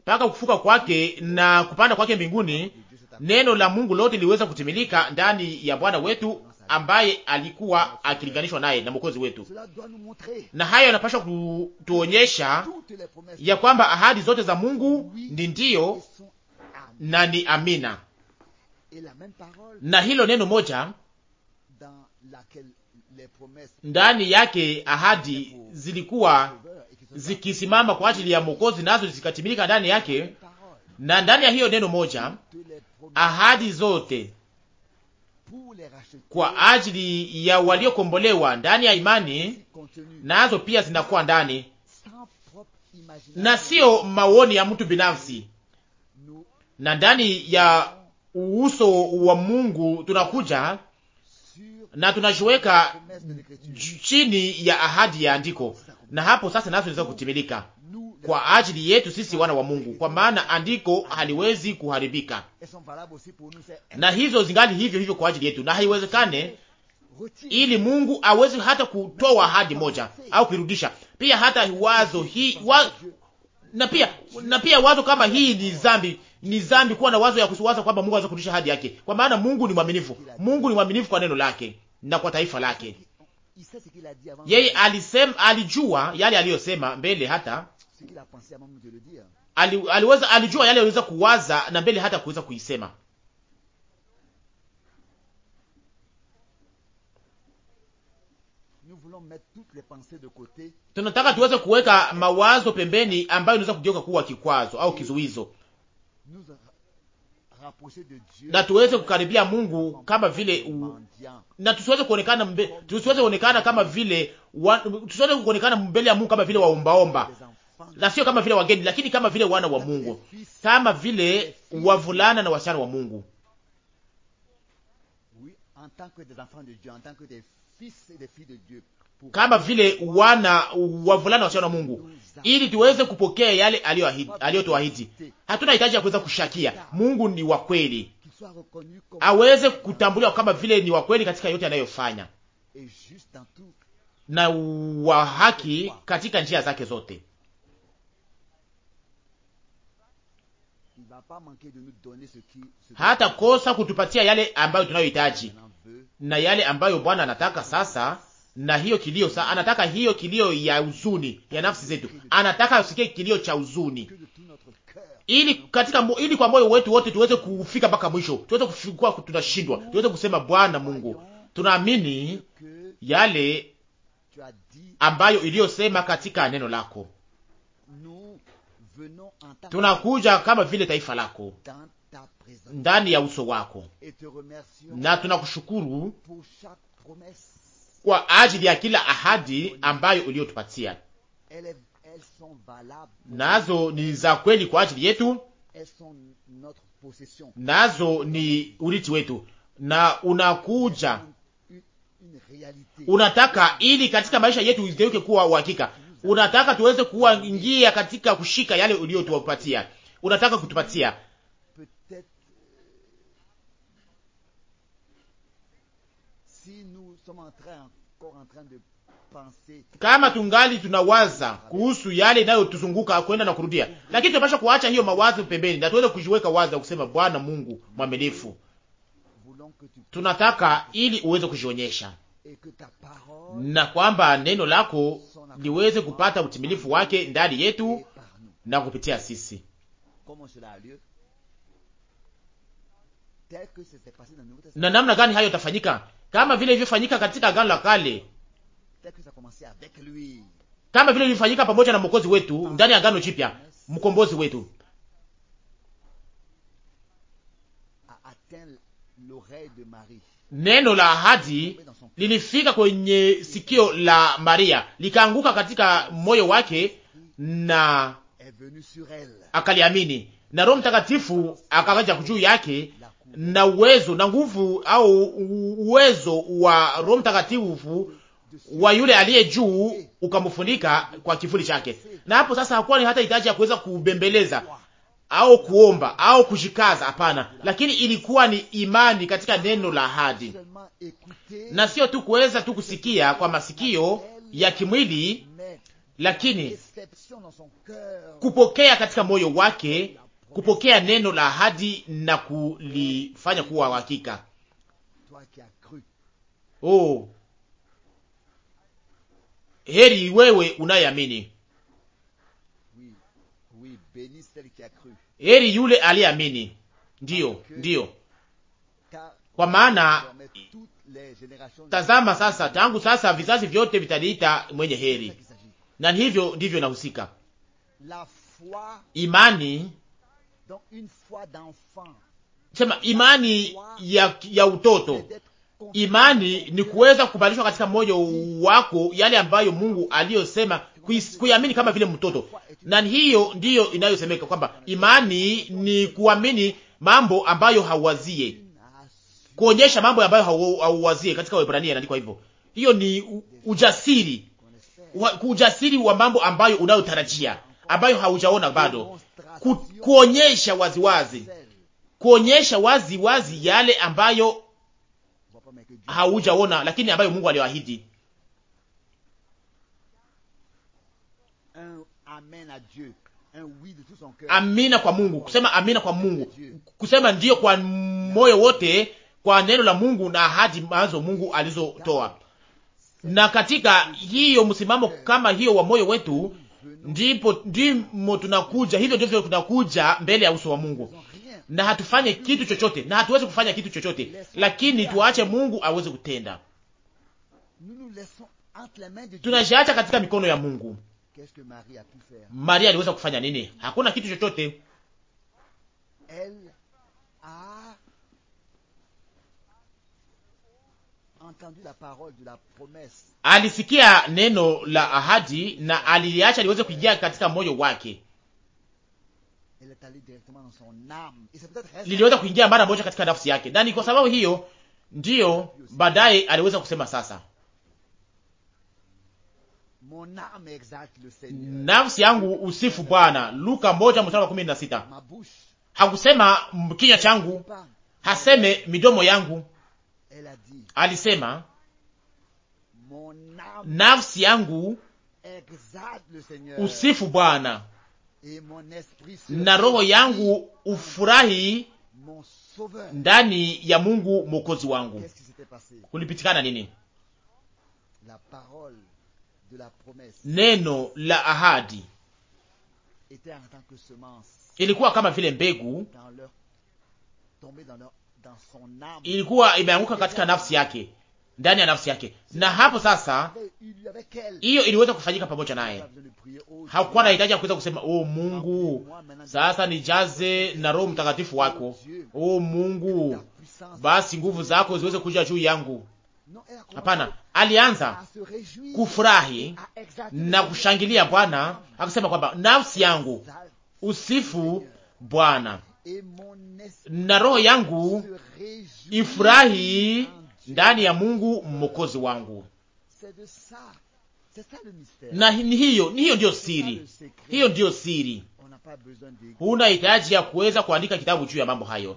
mpaka kufuka kwake na kupanda kwake mbinguni, neno la Mungu lote liweza kutimilika ndani ya Bwana wetu ambaye alikuwa akilinganishwa naye na mwokozi wetu. Na hayo yanapaswa kutuonyesha ya kwamba ahadi zote za Mungu ni ndiyo na ni amina na hilo neno moja ndani yake ahadi zilikuwa zikisimama kwa ajili ya Mwokozi, nazo zikatimilika ndani yake, na ndani ya hiyo neno moja ahadi zote kwa ajili ya waliokombolewa ndani ya imani, nazo pia zinakuwa ndani na siyo maoni ya mtu binafsi, na ndani ya uso wa Mungu tunakuja na tunajiweka chini ya ahadi ya andiko, na hapo sasa nasi tunaweza kutimilika kwa ajili yetu sisi wana wa Mungu, kwa maana andiko haliwezi kuharibika, na hizo zingali hivyo hivyo kwa ajili yetu, na haiwezekane ili Mungu aweze hata kutoa ahadi moja au kuirudisha. Pia hata wazo hii wa, na pia na pia wazo kama hii ni dhambi ni dhambi kuwa na wazo ya kusuwaza kwamba Mungu anaweza kutisha hadi yake, kwa maana Mungu ni mwaminifu. Mungu ni mwaminifu kwa neno lake na kwa taifa lake. Yeye alisema, alijua yale aliyosema mbele hata ali, aliweza, alijua yale aliweza kuwaza na mbele hata kuweza kuisema. Tunataka tuweze kuweka mawazo pembeni ambayo inaweza kugeuka kuwa kikwazo au kizuizo na tuweze kukaribia Mungu kama vile u... na tusiweze kuonekana mbe... tusiweze kuonekana kama vile wa... tusiweze kuonekana mbele ya Mungu kama vile waombaomba, na sio kama vile wageni, lakini kama vile wana wa Mungu, kama vile wavulana na wasichana wa Mungu kama vile wana wavulana na wasichana wa Mungu ili tuweze kupokea yale aliyotuahidi. Hatuna hitaji ya kuweza kushakia, Mungu ni wa kweli, aweze kutambuliwa kama vile ni wa kweli katika yote anayofanya na wa haki katika njia zake zote. Hata kosa kutupatia yale ambayo tunayohitaji na yale ambayo Bwana anataka sasa na hiyo kilio sa, anataka hiyo kilio ya huzuni ya nafsi zetu, anataka usikie kilio cha huzuni, ili katika ili kwa moyo wetu wote tuweze kufika mpaka mwisho, tuweze kufikua, tunashindwa, tuweze kusema Bwana Mungu, tunaamini yale ambayo iliyosema katika neno lako, tunakuja kama vile taifa lako ndani ya uso wako, na tunakushukuru kwa ajili ya kila ahadi ambayo uliyotupatia, nazo ni za kweli kwa ajili yetu, nazo ni urithi wetu, na unakuja unataka ili katika maisha yetu igeuke kuwa uhakika. Unataka tuweze kuwa njia katika kushika yale uliyotupatia, unataka kutupatia kama tungali tunawaza kuhusu yale inayotuzunguka kwenda na kurudia, lakini tunapasha kuacha hiyo mawazo pembeni na tuweze kujiweka wazi kusema, Bwana Mungu mwaminifu, tunataka ili uweze kujionyesha na kwamba neno lako liweze kupata utimilifu wake ndani yetu na kupitia sisi na namna gani hayo itafanyika, kama vile ilivyofanyika katika Agano la Kale, kama vile ilivyofanyika pamoja na mwokozi wetu ndani ya Agano Jipya, mkombozi wetu neno la ahadi lilifika kwenye sikio la Maria likaanguka katika moyo wake na akaliamini, na Roho Mtakatifu akakaja juu yake na uwezo na nguvu au uwezo wa Roho Mtakatifu wa yule aliye juu ukamfunika kwa kivuli chake, na hapo sasa hakuwa ni hata hitaji ya kuweza kubembeleza au kuomba au kushikaza, hapana, lakini ilikuwa ni imani katika neno la ahadi, na sio tu kuweza tu kusikia kwa masikio ya kimwili, lakini kupokea katika moyo wake kupokea neno la ahadi na kulifanya kuwa hakika Oh, heri wewe unayeamini. Heri yule aliyeamini. Ndiyo, ndiyo, kwa maana tazama sasa, tangu sasa vizazi vyote vitaniita mwenye heri, na hivyo ndivyo inahusika imani sema imani ya, ya utoto. Imani ni kuweza kubadilishwa katika moyo wako yale ambayo Mungu aliyosema, kuiamini kama vile mtoto, na hiyo ndiyo inayosemeka kwamba imani ni kuamini mambo ambayo hauwazie, kuonyesha mambo ambayo hauwazie. Katika Waebrania inaandikwa hivyo. Hiyo ni ujasiri, ujasiri wa mambo ambayo unayotarajia ambayo haujaona bado, ku, kuonyesha waziwazi, kuonyesha wazi yale ambayo haujaona, lakini ambayo Mungu aliwaahidi. Amina kwa Mungu, kusema amina kwa Mungu, kusema ndiyo kwa moyo wote kwa neno la Mungu na ahadi mazo Mungu alizotoa. Na katika hiyo msimamo kama hiyo wa moyo wetu, ndipo ndimo tunakuja, hivyo ndivyo tunakuja mbele ya uso wa Mungu, na hatufanye kitu chochote, na hatuwezi kufanya kitu chochote, lakini tuache Mungu aweze kutenda. Tunajiacha katika mikono ya Mungu. Maria aliweza kufanya nini? Hakuna kitu chochote. alisikia neno la ahadi na aliliacha liweze kuingia katika moyo wake, liliweza kuingia mara moja katika nafsi yake, na ni kwa sababu hiyo ndiyo baadaye aliweza kusema sasa, nafsi yangu usifu Bwana. Luka moja mstari wa kumi na sita. Hakusema kinywa changu, haseme midomo yangu alisema, nafsi yangu usifu Bwana na roho yangu ufurahi ndani ya Mungu mwokozi wangu. Kulipitikana nini? Neno la ahadi ilikuwa kama vile mbegu ilikuwa imeanguka katika nafsi yake, ndani ya nafsi yake, na hapo sasa hiyo iliweza kufanyika pamoja naye. Hakukuwa na hitaji ya kuweza kusema oh, Mungu sasa nijaze na Roho Mtakatifu wako, oh Mungu, basi nguvu zako ziweze kuja juu yangu. Hapana, alianza kufurahi na kushangilia Bwana akisema kwamba nafsi yangu usifu Bwana na roho yangu ifurahi ndani ya Mungu mwokozi wangu. Na ni hiyo ni hiyo ndiyo siri, hiyo ndiyo siri. Huna hitaji ya kuweza kuandika kitabu juu ya mambo hayo,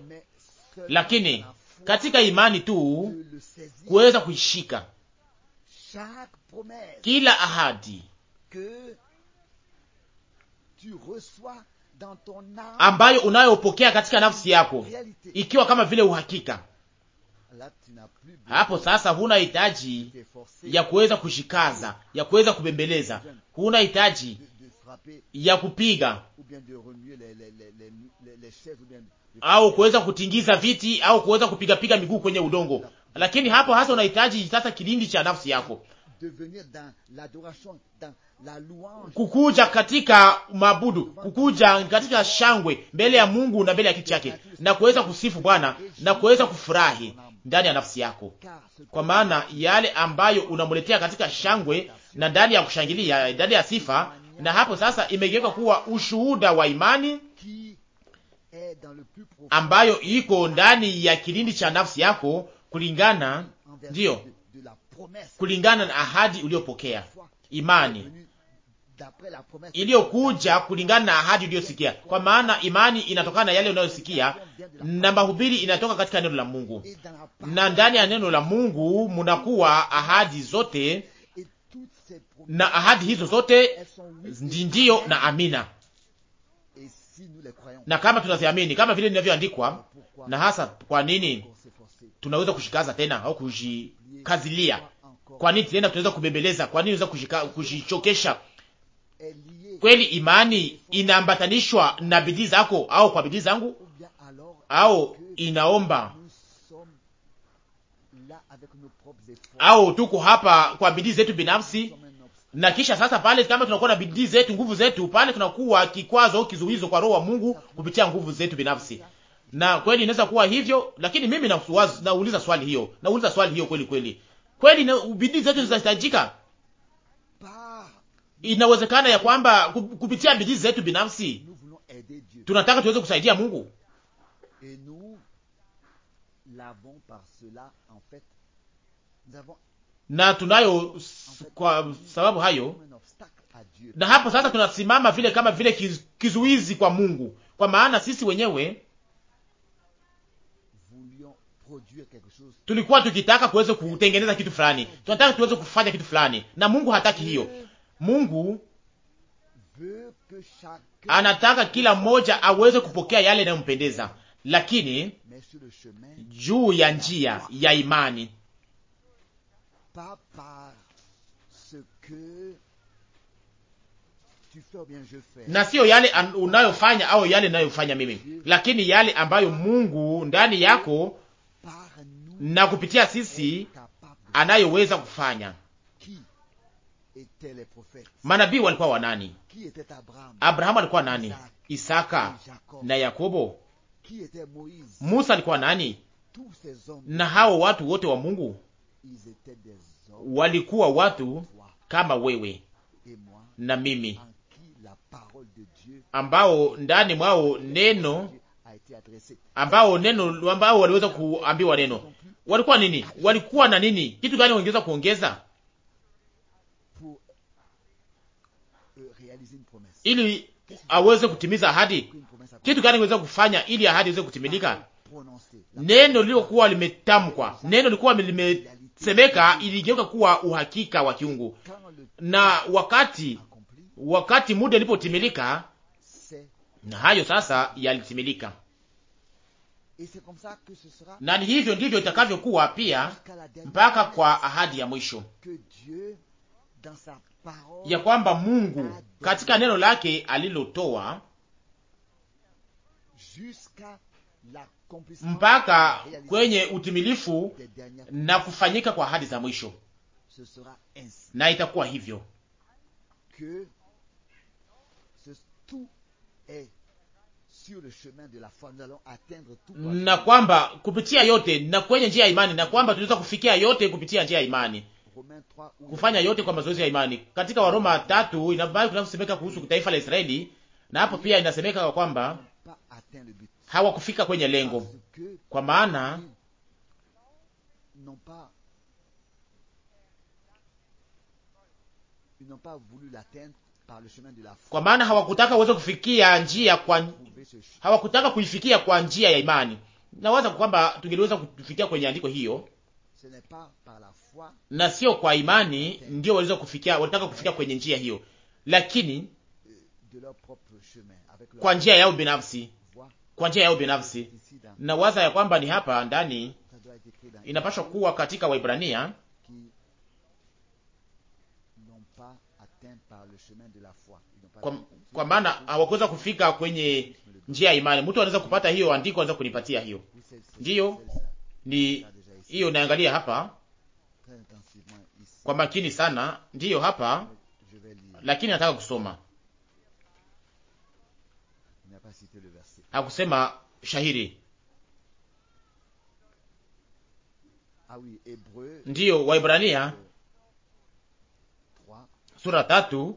lakini katika imani tu kuweza kuishika kila ahadi ambayo unayopokea katika nafsi yako, ikiwa kama vile uhakika. Hapo sasa huna hitaji ya kuweza kushikaza, ya kuweza kubembeleza, huna hitaji ya kupiga au kuweza kutingiza viti au kuweza kupigapiga miguu kwenye udongo, lakini hapo hasa unahitaji sasa kilindi cha nafsi yako kukuja katika mabudu, kukuja katika shangwe mbele ya Mungu na mbele ya kiti chake, na kuweza kusifu Bwana na kuweza kufurahi ndani ya nafsi yako, kwa maana yale ambayo unamletea katika shangwe na ndani ya kushangilia, ndani ya sifa. Na hapo sasa imegeuka kuwa ushuhuda wa imani ambayo iko ndani ya kilindi cha nafsi yako, kulingana ndiyo, kulingana na ahadi uliyopokea imani iliyokuja kulingana na ahadi uliyosikia, kwa maana imani inatokana na yale unayosikia, na mahubiri inatoka katika neno la Mungu, na ndani ya neno la Mungu munakuwa ahadi zote, na ahadi hizo zote ndiyo na amina. Na kama tunaziamini kama vile ninavyoandikwa, na hasa kwa nini tunaweza kushikaza tena au kujikazilia kwa nini tena tunaweza kubembeleza? Kwa nini tunaweza kujichokesha? Kweli imani inaambatanishwa na bidii zako au kwa bidii zangu au inaomba au tuko hapa kwa bidii zetu binafsi, na kisha sasa pale, kama tunakuwa na bidii zetu, nguvu zetu, pale tunakuwa kikwazo, kizuizo kwa Roho wa Mungu kupitia nguvu zetu binafsi. Na kweli inaweza kuwa hivyo, lakini mimi nauliza swali hiyo, nauliza swali hiyo kweli kweli, kweli bidii zetu zinahitajika. Inawezekana ya kwamba kupitia bidii zetu binafsi tunataka tuweze kusaidia Mungu na tunayo kwa sababu hayo, na hapo sasa tunasimama vile kama vile kizuizi kwa Mungu, kwa maana sisi wenyewe Tulikuwa tukitaka kuweza kutengeneza kitu fulani, tunataka tuweze kufanya kitu fulani, na Mungu hataki hiyo. Mungu anataka kila mmoja aweze kupokea yale yanayompendeza, lakini juu ya njia ya imani, na siyo yale unayofanya au yale ninayofanya mimi, lakini yale ambayo Mungu ndani yako na kupitia sisi anayeweza kufanya. Manabii walikuwa wanani? Abrahamu alikuwa nani? Isaka na Yakobo. Musa alikuwa nani? Na hao watu wote wa Mungu walikuwa watu kama wewe na mimi ambao ndani mwao neno ambao neno ambao waliweza kuambiwa neno, walikuwa nini? Walikuwa na nini? Kitu gani wangeweza kuongeza euh, ili aweze kutimiza ahadi? Kitu gani wangeweza kufanya ili ahadi iweze kutimilika? Neno lilikuwa limetamkwa, neno lilikuwa limesemeka, iligeuka kuwa uhakika wa kiungu, na wakati wakati muda ulipotimilika, na hayo sasa yalitimilika na ni hivyo ndivyo itakavyokuwa pia mpaka kwa ahadi ya mwisho, ya kwamba Mungu katika neno lake alilotoa mpaka kwenye utimilifu na kufanyika kwa ahadi za mwisho. Na itakuwa hivyo na kwamba kupitia yote na kwenye njia ya imani, na kwamba tunaweza kufikia yote kupitia njia ya imani, kufanya yote kwa mazoezi ya imani. Katika Waroma tatu inabaki kunasemeka kuhusu taifa la Israeli, na hapo pia inasemeka kwa kwamba hawakufika kwenye lengo, kwa maana kwa maana hawakutaka uweze kufikia njia kwa hawakutaka kuifikia kwa njia ya imani. Nawaza kwamba tungeliweza kufikia kwenye andiko hiyo, na sio kwa imani ndio waliweza kufikia, walitaka kufikia kwenye njia hiyo, lakini kwa njia yao binafsi, kwa njia yao binafsi. Nawaza ya kwamba ni hapa ndani inapaswa kuwa katika Waibrania kwa, maana hawakuweza kufika kwenye njia ya imani. Mtu anaweza kupata hiyo andiko, anaweza kunipatia hiyo? Ndiyo, ni hiyo. Naangalia hapa kwa makini sana, ndiyo hapa, lakini nataka kusoma. Hakusema shahiri ah ndiyo Waibrania sura tatu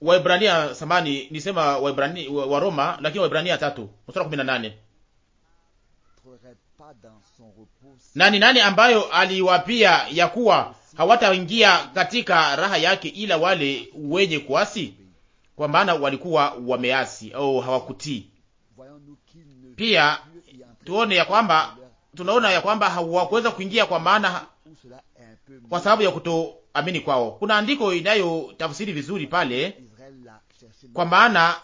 Waibrania samani nisema Waibrania wa Roma, lakini Waibrania tatu mstari kumi na nane nani nani ambayo aliwapia ya kuwa hawataingia katika raha yake ila wale wenye kuasi, kwa maana walikuwa wameasi au hawakutii. Pia tuone ya kwamba tunaona ya kwamba hawakuweza kuingia, kwa maana kwa sababu ya kutoamini kwao. Kuna andiko inayotafsiri vizuri pale, kwa maana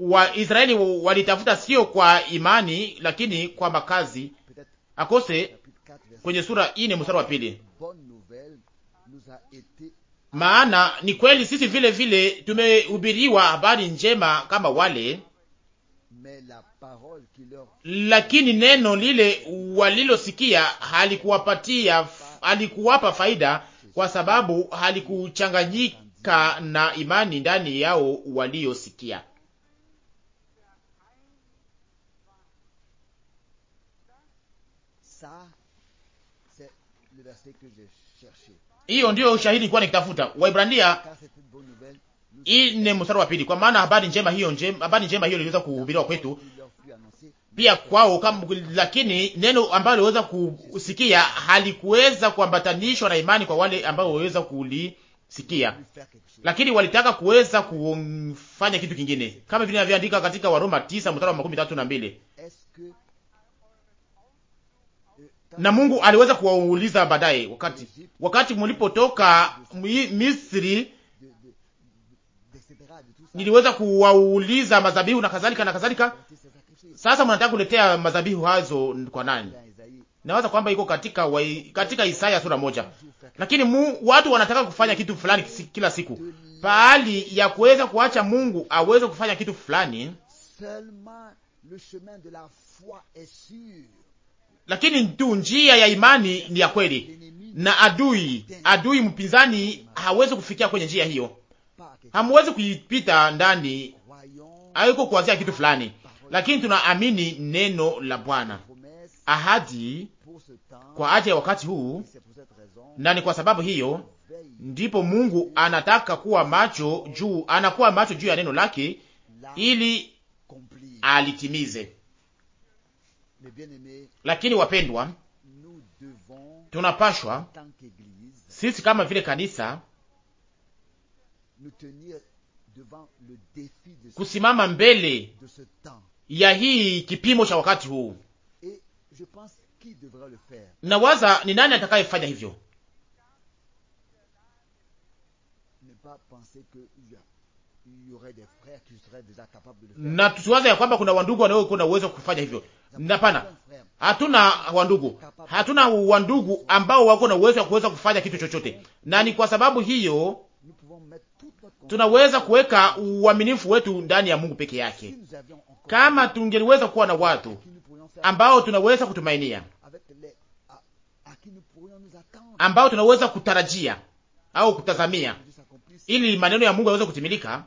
Waisraeli walitafuta sio kwa imani, lakini kwa makazi akose kwenye sura ine mstari wa pili. Maana ni kweli sisi vile vile tumehubiriwa habari njema kama wale, lakini neno lile walilosikia halikuwapatia alikuwapa faida kwa sababu halikuchanganyika na imani ndani yao waliosikia. Hiyo ndiyo ushahidi kuwa nikitafuta. Waibrania ine mstari wa pili, kwa maana habari njema hiyo njema, habari njema hiyo iliweza kuhubiriwa kwetu pia kwao kama, lakini neno ambalo liweza kusikia halikuweza kuambatanishwa na imani kwa wale ambao waweza kulisikia, lakini walitaka kuweza kufanya kitu kingine, kama vile inavyoandika katika Waroma 9 mstari wa makumi tatu na mbili. Na Mungu aliweza kuwauliza baadaye, wakati wakati mlipotoka Misri niliweza kuwauliza madhabihu na kadhalika na kadhalika, sasa mnataka kuletea madhabihu hazo kwa nani? Nawaza kwamba iko katika wa, katika Isaya sura moja, lakini mu, watu wanataka kufanya kitu fulani kila siku, pahali ya kuweza kuacha Mungu aweze kufanya kitu fulani, lakini tu njia ya imani ni ya kweli, na adui adui mpinzani hawezi kufikia kwenye njia hiyo, hamwezi kuipita ndani, haiko kuanzia kitu fulani lakini tunaamini neno la Bwana, ahadi kwa ajili ya wakati huu, na ni kwa sababu hiyo ndipo Mungu anataka kuwa macho juu, anakuwa macho juu ya neno lake ili alitimize. Lakini wapendwa, tunapashwa sisi kama vile kanisa kusimama mbele ya hii kipimo cha wakati huu, na waza ni nani atakayefanya hivyo, na tusiwaza ya kwamba kuna wandugu wanaokuwa na uwezo kufanya hivyo. Hapana, hatuna wandugu, hatuna wandugu ambao wako na uwezo wa kuweza kufanya kitu chochote, na ni kwa sababu hiyo tunaweza kuweka uaminifu wetu ndani ya Mungu peke yake kama tungeliweza kuwa na watu ambao tunaweza kutumainia, ambao tunaweza kutarajia au kutazamia, ili maneno ya Mungu yaweze kutimilika.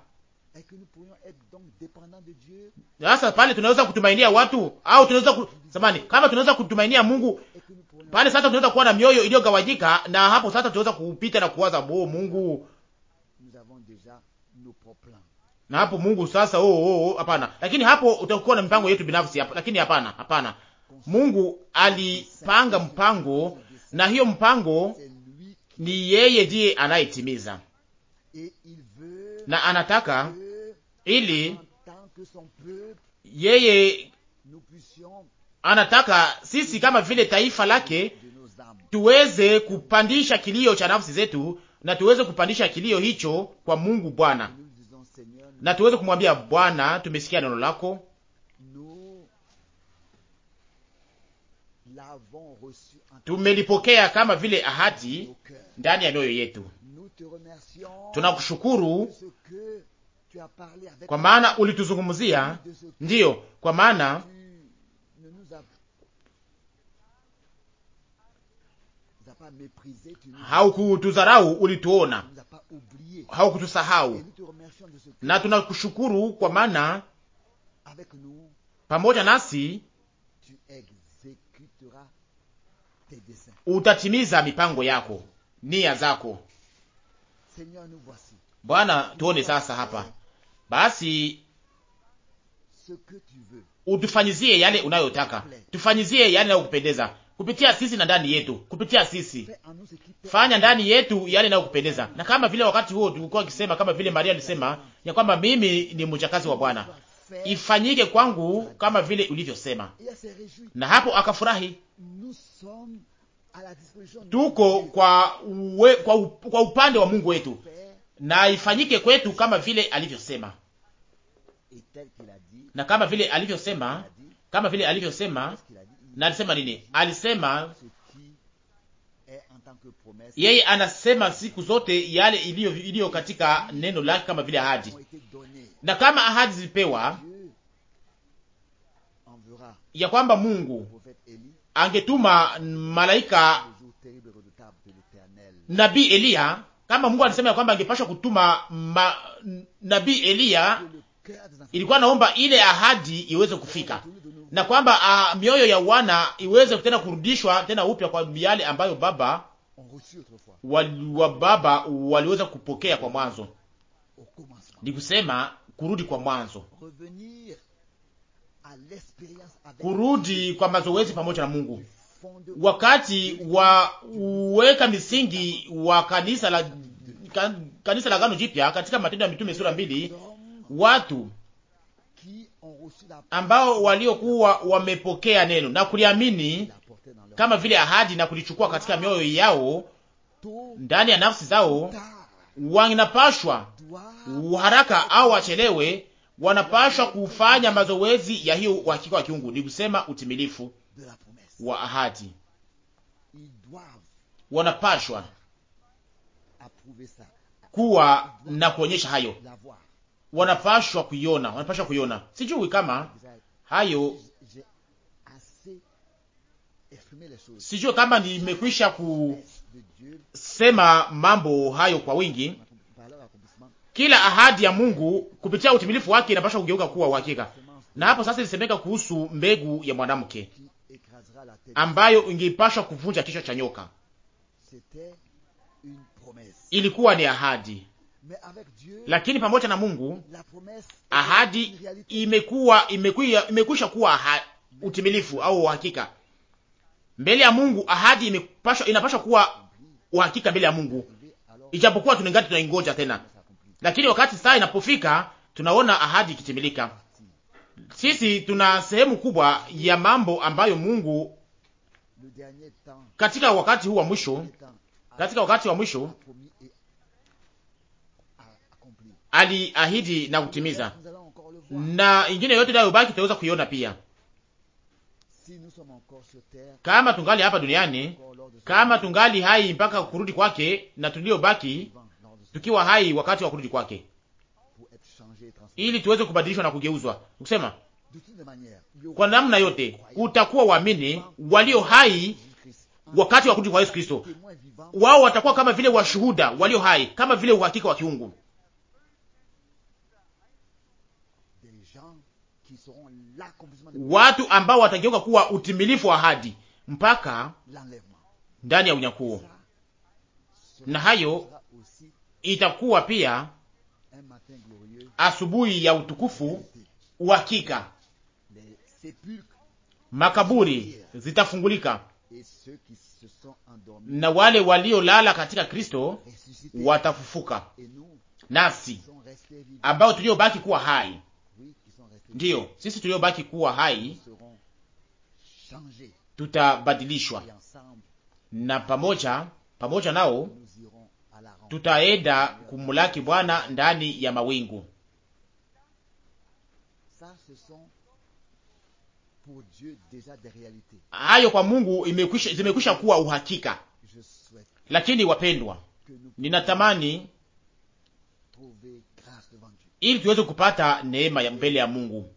Sasa pale tunaweza kutumainia watu au tunaweza ku... samani, kama tunaweza kutumainia Mungu pale sasa, tunaweza kuwa na mioyo iliyogawanyika, na hapo sasa tunaweza kupita na kuwaza bo, oh, Mungu na hapo Mungu sasa, oh oh oh, hapana. Lakini hapo utakuwa na mipango yetu binafsi hapo, lakini hapana, hapana. Mungu alipanga mpango, na hiyo mpango ni yeye ndiye anayetimiza, na anataka ili yeye anataka sisi kama vile taifa lake tuweze kupandisha kilio cha nafsi zetu na tuweze kupandisha kilio hicho kwa Mungu Bwana na tuweze kumwambia Bwana, tumesikia neno lako tumelipokea kama vile ahadi ndani ya mioyo yetu. Tunakushukuru kwa maana ulituzungumzia, ndiyo, kwa maana haukutudharau, ulituona, haukutusahau, na tunakushukuru kwa maana pamoja nasi utatimiza mipango yako, nia zako. Bwana, tuone sasa hapa basi, utufanyizie yale unayotaka, tufanyizie yale yanayokupendeza kupitia sisi na ndani yetu, kupitia sisi, fanya ndani yetu yale yanayokupendeza. Na kama vile wakati huo tulikuwa akisema, kama vile Maria alisema ya kwamba mimi ni mchakazi wa Bwana, ifanyike kwangu kama vile ulivyosema, na hapo akafurahi. Tuko kwa, uwe, kwa, kwa upande wa Mungu wetu, na ifanyike kwetu kama vile alivyosema, na kama vile alivyosema, kama vile alivyosema na alisema nini? Alisema yeye anasema siku zote yale iliyo iliyo katika neno lake kama vile ahadi, na kama ahadi zilipewa ya kwamba Mungu angetuma malaika nabii Eliya, kama Mungu alisema ya kwamba angepashwa kutuma ma, nabii Eliya, ilikuwa naomba ile ahadi iweze kufika na kwamba a, ah, mioyo ya wana iweze tena kurudishwa tena upya kwa miale ambayo baba wali, wa baba waliweza kupokea kwa mwanzo, ni kusema kurudi kwa mwanzo, kurudi kwa mazoezi pamoja na Mungu wakati wa uweka misingi wa kanisa la kanisa la gano Jipya katika Matendo ya Mitume sura mbili, watu ambao waliokuwa wamepokea neno na kuliamini kama vile ahadi na kulichukua katika mioyo yao ndani ya nafsi zao, wanapashwa uharaka au wachelewe, wanapashwa kufanya mazoezi ya hiyo uhakika wa kiungu, ni kusema utimilifu wa ahadi. Wanapashwa kuwa na kuonyesha hayo wanapashwa kuiona, wanapashwa kuiona. Sijui kama hayo, sijui kama nimekwisha kusema mambo hayo kwa wingi. Kila ahadi ya Mungu kupitia utimilifu wake inapaswa kugeuka kuwa uhakika, na hapo sasa ilisemeka kuhusu mbegu ya mwanamke ambayo ingepashwa kuvunja kichwa cha nyoka. Ilikuwa ni ahadi lakini pamoja na Mungu ahadi imekuwa imekwisha kuwa utimilifu au uhakika mbele ya Mungu. Ahadi imepashwa inapashwa kuwa uhakika mbele ya Mungu, ijapokuwa tunengati tunaingoja tena, lakini wakati saa inapofika tunaona ahadi ikitimilika. Sisi tuna sehemu kubwa ya mambo ambayo Mungu katika wakati huu wa mwisho, katika wakati wa mwisho aliahidi na kutimiza, na ingine yote inayobaki tutaweza kuiona pia kama tungali hapa duniani, kama tungali hai mpaka kurudi kwake, na tuliobaki tukiwa hai wakati wa kurudi kwake, ili tuweze kubadilishwa na kugeuzwa. kusema kwa namna yote, utakuwa waamini walio hai wakati wa kurudi kwa Yesu Kristo, wao watakuwa kama vile washuhuda walio hai, kama vile uhakika wa kiungu. watu ambao watageuka kuwa utimilifu wa ahadi mpaka ndani ya unyakuo, na hayo itakuwa pia asubuhi ya utukufu. Uhakika makaburi zitafungulika na wale waliolala katika Kristo watafufuka, nasi ambao tuliobaki kuwa hai Ndiyo, sisi tuliobaki kuwa hai tutabadilishwa na pamoja pamoja nao tutaenda kumulaki Bwana ndani ya mawingu. Hayo kwa Mungu imekwisha, zimekwisha kuwa uhakika. Lakini wapendwa, ninatamani ili tuweze kupata neema ya mbele ya Mungu.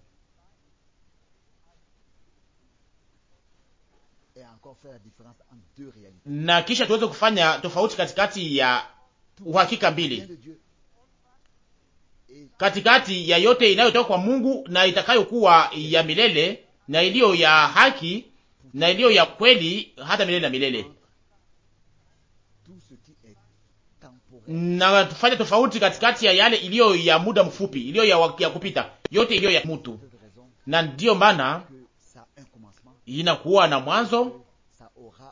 Na kisha tuweze kufanya tofauti katikati ya uhakika mbili, katikati ya yote inayotoka kwa Mungu na itakayokuwa ya milele na iliyo ya haki na iliyo ya kweli hata milele na milele. na tufanye tofauti katikati ya yale iliyo ya muda mfupi, iliyo ya, ya kupita, yote iliyo ya mtu. na ndiyo maana inakuwa na mwanzo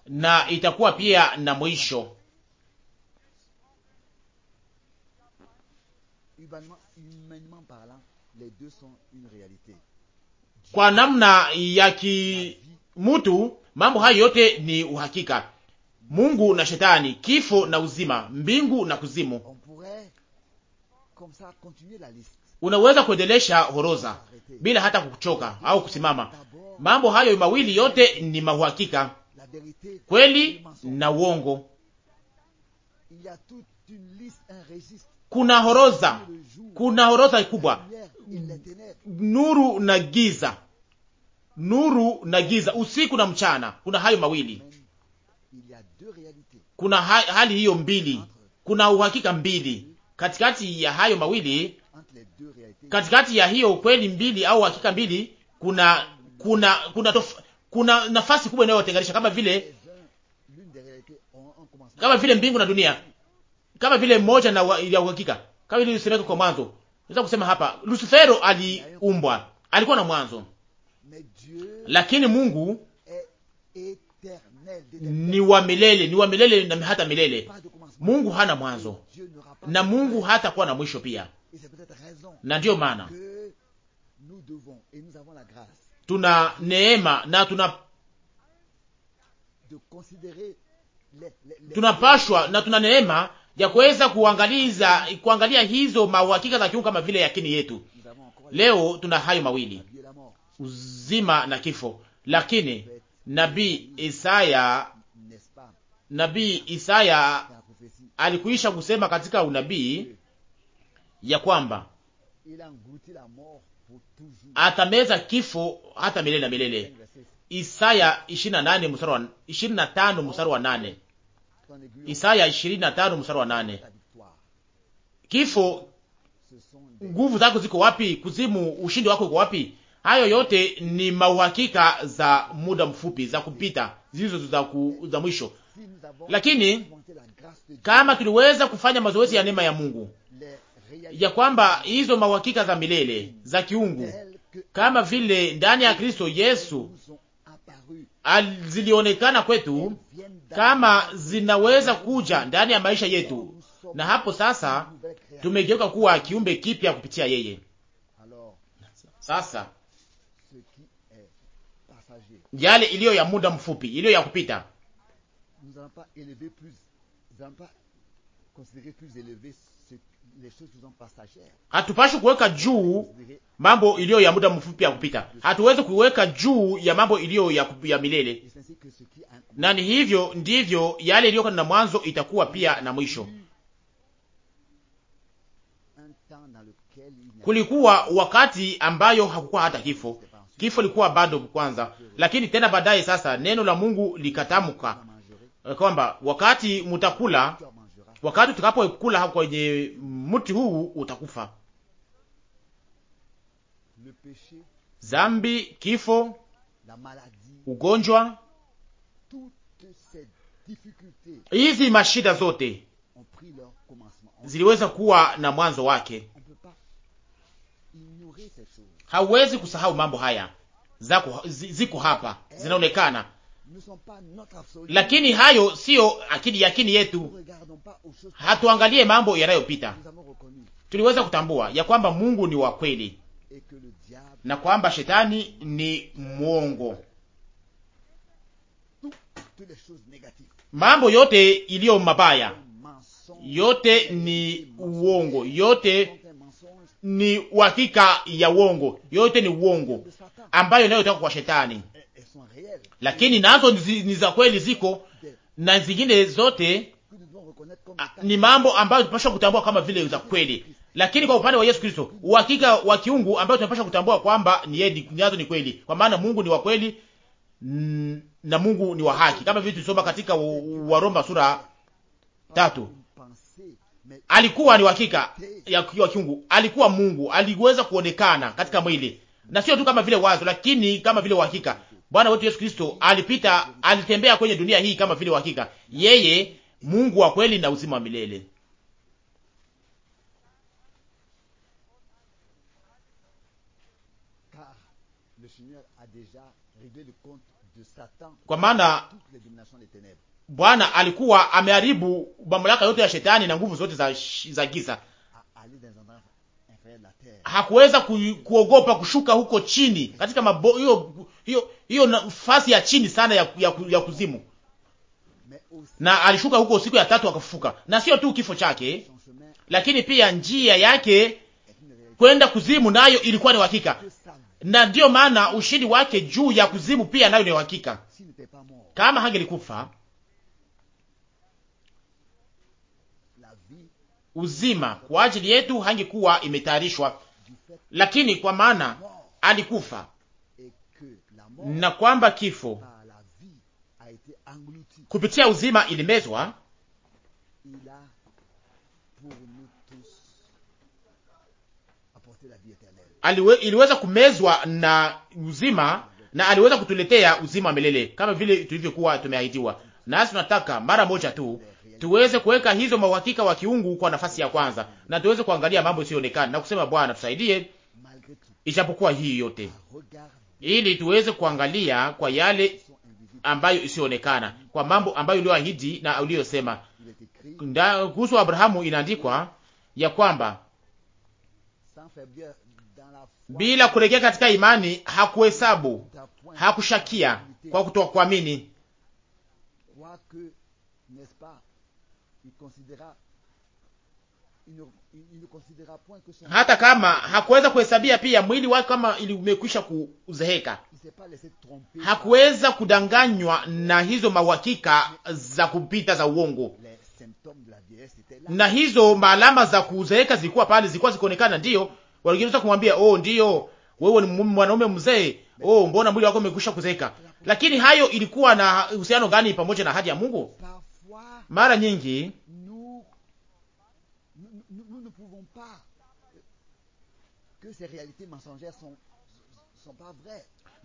na itakuwa pia na mwisho. Kwa namna ya kimutu, mambo hayo yote ni uhakika. Mungu na shetani, kifo na uzima, mbingu na kuzimu. Unaweza kuendelesha horoza bila hata kuchoka au kusimama. Mambo hayo mawili yote ni mauhakika, kweli na uongo. Kuna horoza, kuna horoza kubwa, nuru na giza, nuru na giza, usiku na mchana. Kuna hayo mawili kuna hali hiyo mbili, kuna uhakika mbili katikati ya hayo mawili, katikati ya hiyo kweli mbili au uhakika mbili, kuna kuna kuna tof, kuna nafasi kubwa inayotenganisha kama vile kama vile mbingu na dunia, kama vile moja na ya uhakika, kama vile ilisemeka kwa mwanzo. Naweza kusema hapa Lucifero aliumbwa, alikuwa na mwanzo, lakini Mungu ni wa milele, ni wa milele na hata milele. Mungu hana mwanzo na Mungu hata kuwa na mwisho pia, na ndiyo maana tuna neema na tuna tunapashwa na tuna neema ya kuweza kuangaliza kuangalia hizo mauhakika za kiungu kama vile yakini yetu. Leo tuna hayo mawili, uzima na kifo, lakini nabii Isaya, nabii Isaya alikuisha kusema katika unabii ya kwamba atameza kifo hata milele na milele. Isaya 28 mstari wa 25 mstari wa 8. Isaya 25 mstari wa 8. Kifo, nguvu zako ziko wapi? Kuzimu, ushindi wako uko wapi? Hayo yote ni mauhakika za muda mfupi za kupita zizo za, ku, za mwisho, lakini kama tuliweza kufanya mazoezi ya neema ya Mungu ya kwamba hizo mauhakika za milele za kiungu kama vile ndani ya Kristo Yesu zilionekana kwetu, kama zinaweza kuja ndani ya maisha yetu, na hapo sasa tumegeuka kuwa kiumbe kipya kupitia yeye. Sasa yale iliyo ya muda mfupi, iliyo ya kupita. Hatupashi kuweka juu mambo iliyo ya muda mfupi ya kupita, hatuwezi kuweka juu ya mambo iliyo ya, ya milele. Na ni hivyo ndivyo yale iliyo na mwanzo itakuwa pia na mwisho. Kulikuwa wakati ambayo hakukuwa hata kifo Kifo likuwa bado kwanza, lakini tena baadaye sasa neno la Mungu likatamka eh, kwamba wakati mutakula, wakati utakapokula kwenye mti huu utakufa. Zambi, kifo, ugonjwa, hizi mashida zote ziliweza kuwa na mwanzo wake. Hauwezi kusahau mambo haya zako, ziko hapa zinaonekana, lakini hayo siyo akili yakini yetu. Hatuangalie mambo yanayopita, tuliweza kutambua ya kwamba Mungu ni wa kweli na kwamba shetani ni mwongo. Mambo yote iliyo mabaya yote ni uongo, yote ni uhakika ya uongo, yote ni uongo ambayo nayo toka kwa shetani, lakini nazo ni za kweli ziko na zingine zote ah, ni mambo ambayo tunapaswa kutambua kama vile za kweli, lakini kwa upande wa Yesu Kristo uhakika wa kiungu ambayo tunapaswa kutambua kwamba ni yeye nazo ni kweli, kwa maana Mungu ni wa kweli mm, na Mungu ni wa haki, kama vile tulisoma katika Waroma sura tatu alikuwa ni hakika ya kiwa kiungu, alikuwa Mungu, aliweza kuonekana katika mwili, na sio tu kama vile wazo, lakini kama vile uhakika. Bwana wetu Yesu Kristo alipita, alitembea kwenye dunia hii kama vile uhakika, yeye Mungu wa kweli na uzima wa milele. Kwa maana Bwana alikuwa ameharibu mamlaka yote ya shetani na nguvu zote za, za giza. Hakuweza ku, kuogopa kushuka huko chini katika mabo, hiyo, hiyo, hiyo nafasi ya chini sana ya, ya, ya kuzimu, na alishuka huko siku ya tatu akafufuka. Na sio tu kifo chake, lakini pia njia yake kwenda kuzimu nayo ilikuwa ni hakika, na ndiyo maana ushindi wake juu ya kuzimu pia nayo ni uhakika. Kama hangelikufa uzima kwa ajili yetu hangekuwa imetayarishwa, lakini kwa maana alikufa na kwamba kifo kupitia uzima ilimezwa aliwe, iliweza kumezwa na uzima na aliweza kutuletea uzima milele kama vile tulivyokuwa tumeahidiwa. Nasi tunataka mara moja tu tuweze kuweka hizo mauhakika wa kiungu kwa nafasi ya kwanza, na tuweze kuangalia mambo isiyoonekana na kusema Bwana tusaidie, ijapokuwa hii yote, ili tuweze kuangalia kwa yale ambayo isiyoonekana, kwa mambo ambayo uliyoahidi na uliyosema. Kuhusu Abrahamu inaandikwa ya kwamba bila kulegea katika imani, hakuhesabu hakushakia kwa kutoka kuamini, hata kama hakuweza kuhesabia pia mwili wake kama ilimekwisha kuzeheka. Hakuweza kudanganywa na hizo mauhakika za kupita za uongo, na hizo maalama za kuzeheka zilikuwa pale, zilikuwa zikionekana, ndiyo Wangeweza kumwambia oh, ndiyo wewe ni mwanaume mzee, oh, mbona mwili wako umekwisha kuzeka. Lakini hayo ilikuwa na uhusiano gani pamoja na ahadi ya Mungu? Mara nyingi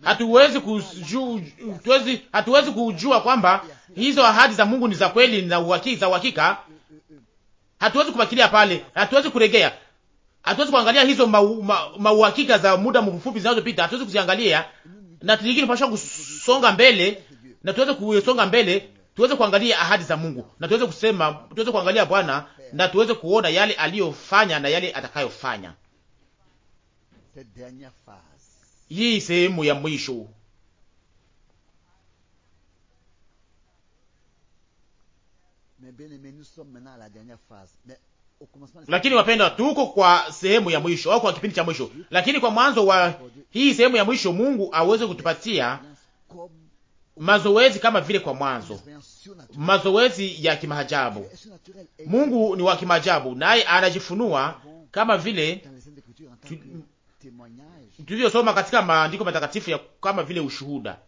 hatuwezi hatuwezi kujua kwamba hizo ahadi za Mungu ni za kweli na uhakika, za uhakika. Hatuwezi kubakilia pale, hatuwezi kuregea. Hatuwezi kuangalia hizo mauhakika ma, ma za muda mfupi zinazopita, hatuwezi kuziangalia, na tuingine pasha kusonga mbele, na tuweze kusonga mbele, tuweze kuangalia ahadi za Mungu, na tuweze kusema, tuweze kuangalia Bwana, na tuweze kuona yale aliyofanya na yale atakayofanya. Hii sehemu ya mwisho lakini wapendwa, tuko kwa sehemu ya mwisho au kwa kipindi cha mwisho, lakini kwa mwanzo wa hii sehemu ya mwisho Mungu aweze kutupatia mazoezi kama vile kwa mwanzo, mazoezi ya kimaajabu. Mungu ni wa kimaajabu, naye anajifunua kama vile tulivyosoma katika maandiko matakatifu ya kama vile ushuhuda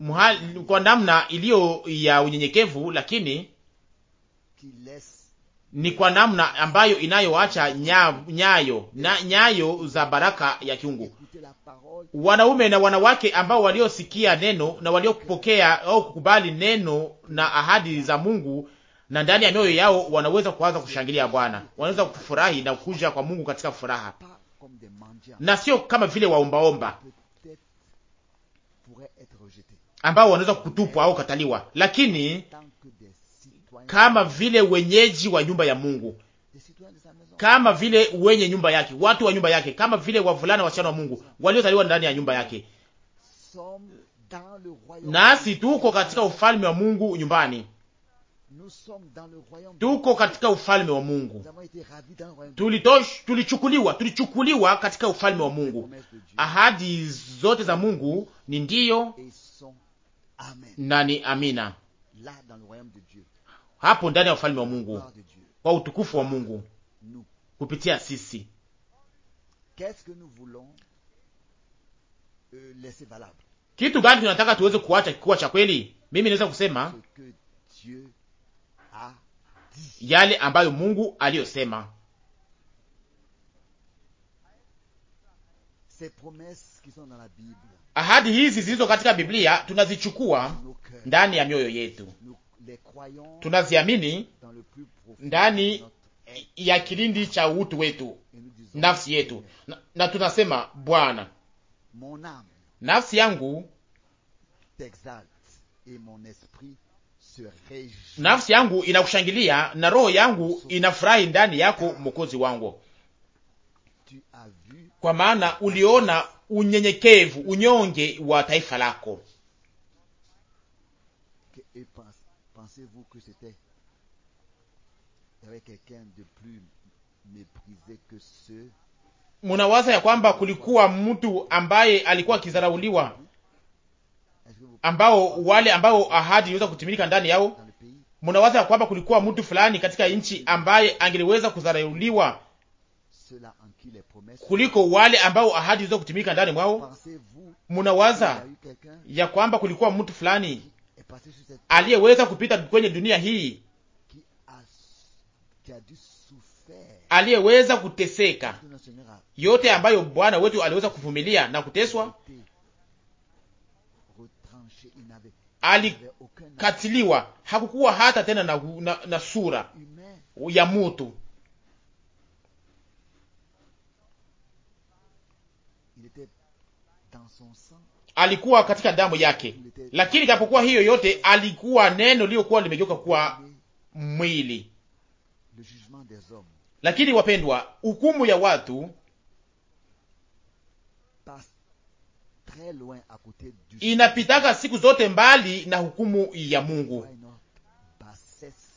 Muhal, kwa namna iliyo ya unyenyekevu, lakini ni kwa namna ambayo inayoacha nyayo na nyayo za baraka ya kiungu. Wanaume na wanawake ambao waliosikia neno na waliopokea au kukubali neno na ahadi za Mungu, na ndani ya mioyo yao wanaweza kuanza kushangilia Bwana, wanaweza kufurahi na kuja kwa Mungu katika furaha, na sio kama vile waombaomba ambao wanaweza kutupwa au kataliwa, lakini kama vile wenyeji wa nyumba ya Mungu, kama vile wenye nyumba yake, watu wa nyumba yake, kama vile wavulana wasichana wa Mungu waliozaliwa ndani ya nyumba yake. Nasi tuko katika ufalme wa Mungu nyumbani, tuko katika ufalme wa Mungu, tulitosh, tulichukuliwa, tulichukuliwa katika ufalme wa Mungu. Ahadi zote za Mungu ni ndiyo na ni amina hapo ndani ya ufalme wa Mungu, kwa utukufu wa Mungu kupitia sisi. Euh, Kitu gani tunataka tuweze kuacha kikuwa cha kweli? Mimi naweza kusema yale ambayo Mungu aliyosema, ahadi hizi zilizo katika Biblia tunazichukua ndani ya mioyo yetu, tunaziamini ndani ya kilindi cha utu wetu, nafsi yetu, na, na tunasema Bwana, nafsi yangu nafsi yangu inakushangilia na roho yangu inafurahi ndani yako Mwokozi wangu, kwa maana uliona unyenyekevu unyonge wa taifa lako. Pensez-vous que c'était quelqu'un de plus méprisé que ce munawaza ya kwamba kulikuwa mtu ambaye alikuwa akizarauliwa, ambao wale ambao ahadi iliweza kutimilika ndani yao. Munawaza ya kwamba kulikuwa mtu fulani katika nchi ambaye angeliweza kuzarauliwa kuliko wale ambao ahadi iliweza kutimilika ndani mwao. Munawaza ya kwamba kulikuwa mtu fulani aliyeweza kupita kwenye dunia hii, aliyeweza kuteseka yote ambayo Bwana wetu aliweza kuvumilia na kuteswa, alikatiliwa, hakukuwa hata tena na, na, na sura ya mutu alikuwa katika damu yake, lakini japokuwa hiyo yote alikuwa neno liyokuwa limegeuka kuwa mwili. Lakini wapendwa, hukumu ya watu inapitaka siku zote mbali na hukumu ya Mungu.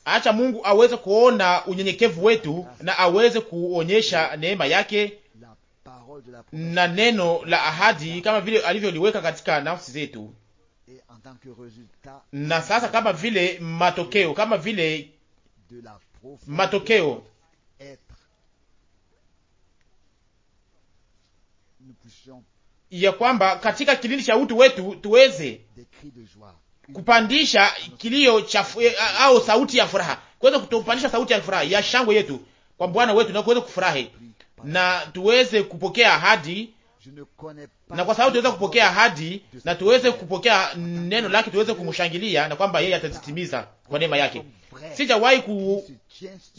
Acha Mungu aweze kuona unyenyekevu wetu na aweze kuonyesha neema yake na neno la ahadi kama vile alivyoliweka katika nafsi zetu, na sasa kama vile matokeo, kama vile matokeo ya kwamba katika kilindi cha utu wetu tuweze kupandisha kilio cha eh, au sauti ya furaha, kuweza kutupandisha sauti ya furaha ya shangwe yetu kwa Bwana wetu na kuweza kufurahi na tuweze kupokea ahadi, na kwa sababu tuweze kupokea ahadi na tuweze kupokea neno lake, tuweze kumshangilia na kwamba yeye atazitimiza kwa neema yake. Sijawahi ku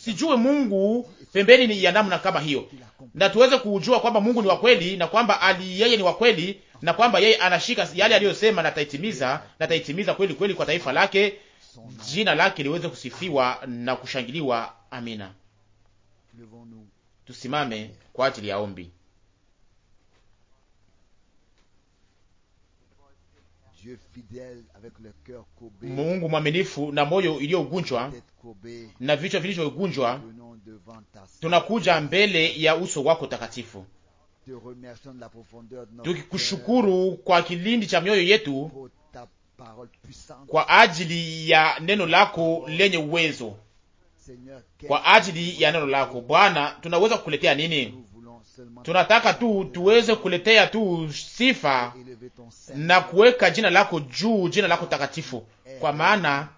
sijue Mungu pembeni ni ya namna kama hiyo, na tuweze kujua kwamba Mungu ni wa kweli na kwamba ali yeye ni wa kweli na kwamba yeye anashika yale aliyosema, na ataitimiza na ataitimiza kweli kweli kwa taifa lake, jina lake liweze kusifiwa na kushangiliwa. Amina tusimame kwa ajili ya ombi. Mungu mwaminifu na moyo iliyogunjwa na vichwa vilivyogunjwa, tunakuja mbele ya uso wako takatifu tukikushukuru kwa kilindi cha mioyo yetu kwa ajili ya neno lako lenye uwezo kwa ajili ya neno lako Bwana. Tunaweza kukuletea nini? Tunataka tu tuweze kuletea tu sifa na kuweka jina lako juu, jina lako takatifu, kwa maana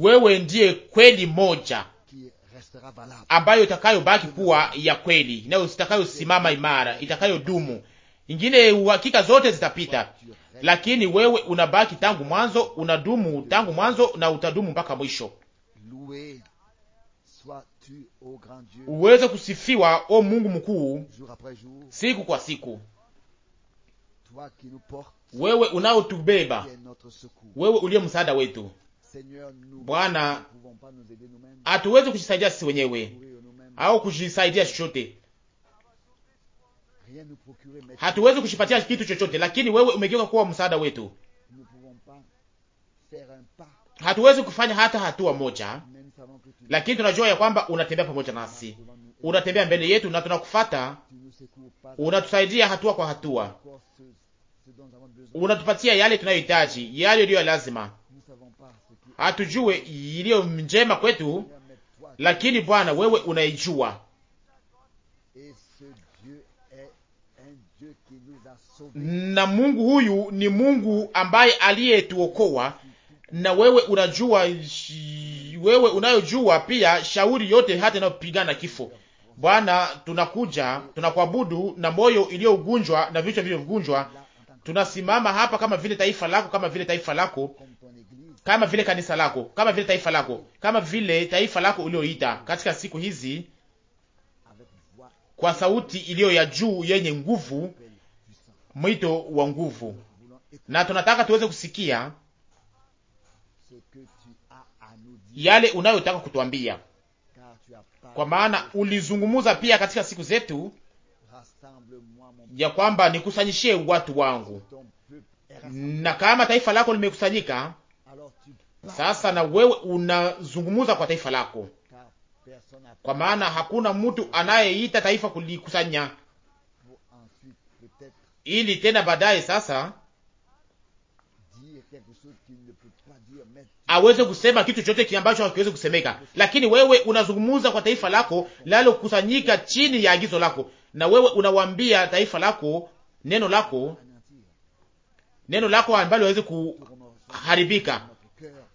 wewe ndiye kweli moja ambayo itakayobaki kuwa ya kweli nayo itakayosimama imara, itakayodumu. Ingine uhakika zote zitapita, lakini wewe unabaki tangu mwanzo, unadumu tangu mwanzo na utadumu mpaka mwisho. Uweze kusifiwa o Mungu mkuu, siku kwa siku. Wewe unaotubeba, wewe uliye msaada wetu Bwana, hatuwezi kujisaidia sisi wenyewe au kujisaidia chochote hatuwezi kushipatia kitu chochote, lakini wewe umegeuka kuwa msaada wetu. Hatuwezi kufanya hata hatua moja, lakini tunajua ya kwamba unatembea pamoja nasi, unatembea mbele yetu na tunakufata, unatusaidia hatua kwa hatua, unatupatia yale tunayohitaji, yale iliyo lazima. Hatujue iliyo njema kwetu, lakini Bwana, wewe unaijua na Mungu huyu ni Mungu ambaye aliyetuokoa, na wewe unajua, wewe unayojua pia shauri yote hata inayopigana kifo. Bwana, tunakuja tunakuabudu na moyo iliyogunjwa na vichwa vilivyogunjwa. Tunasimama hapa kama vile taifa lako, kama vile taifa lako, kama vile kanisa lako, kama vile taifa lako, kama vile taifa lako ulioita katika siku hizi, kwa sauti iliyo ya juu yenye nguvu mwito wa nguvu, na tunataka tuweze kusikia yale unayotaka kutuambia, kwa maana ulizungumuza pia katika siku zetu ya kwamba nikusanyishie watu wangu, na kama taifa lako limekusanyika sasa, na wewe unazungumuza kwa taifa lako, kwa maana hakuna mtu anayeita taifa kulikusanya ili tena baadaye sasa aweze kusema kitu chote ambacho hakiwezi kusemeka. Lakini wewe unazungumza kwa taifa lako lalokusanyika chini ya agizo lako, na wewe unawambia taifa lako neno lako neno lako ambalo hawezi kuharibika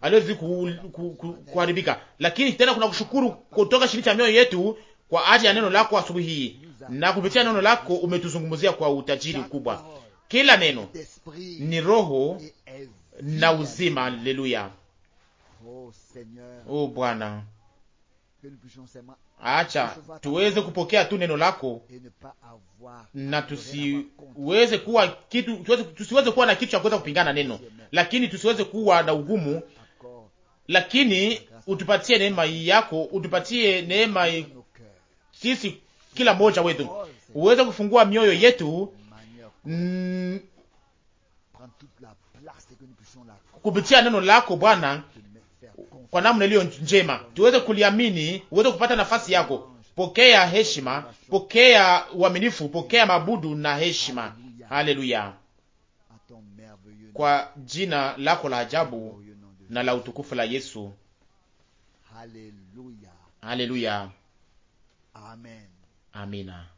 aliwezi ku, ku, ku, kuharibika. Lakini tena kuna kushukuru kutoka chini cha mioyo yetu kwa ajili ya neno lako asubuhi hii na kupitia neno lako umetuzungumzia kwa utajiri mkubwa. Kila neno ni roho na uzima. Haleluya! Oh, oh Bwana, acha tuweze kupokea tu neno lako na tusiweze kuwa kitu, tusiweze kuwa na kitu cha kuweza kupingana neno, lakini tusiweze kuwa na ugumu, lakini utupatie neema yako, utupatie neema sisi kila mmoja wetu, uweze kufungua mioyo yetu mm, kupitia neno lako Bwana, kwa namna iliyo njema tuweze kuliamini, uweze kupata nafasi yako. Pokea heshima, pokea uaminifu, pokea mabudu na heshima. Haleluya, kwa jina lako la ajabu na la utukufu la Yesu. Haleluya, haleluya, amen. Aminah.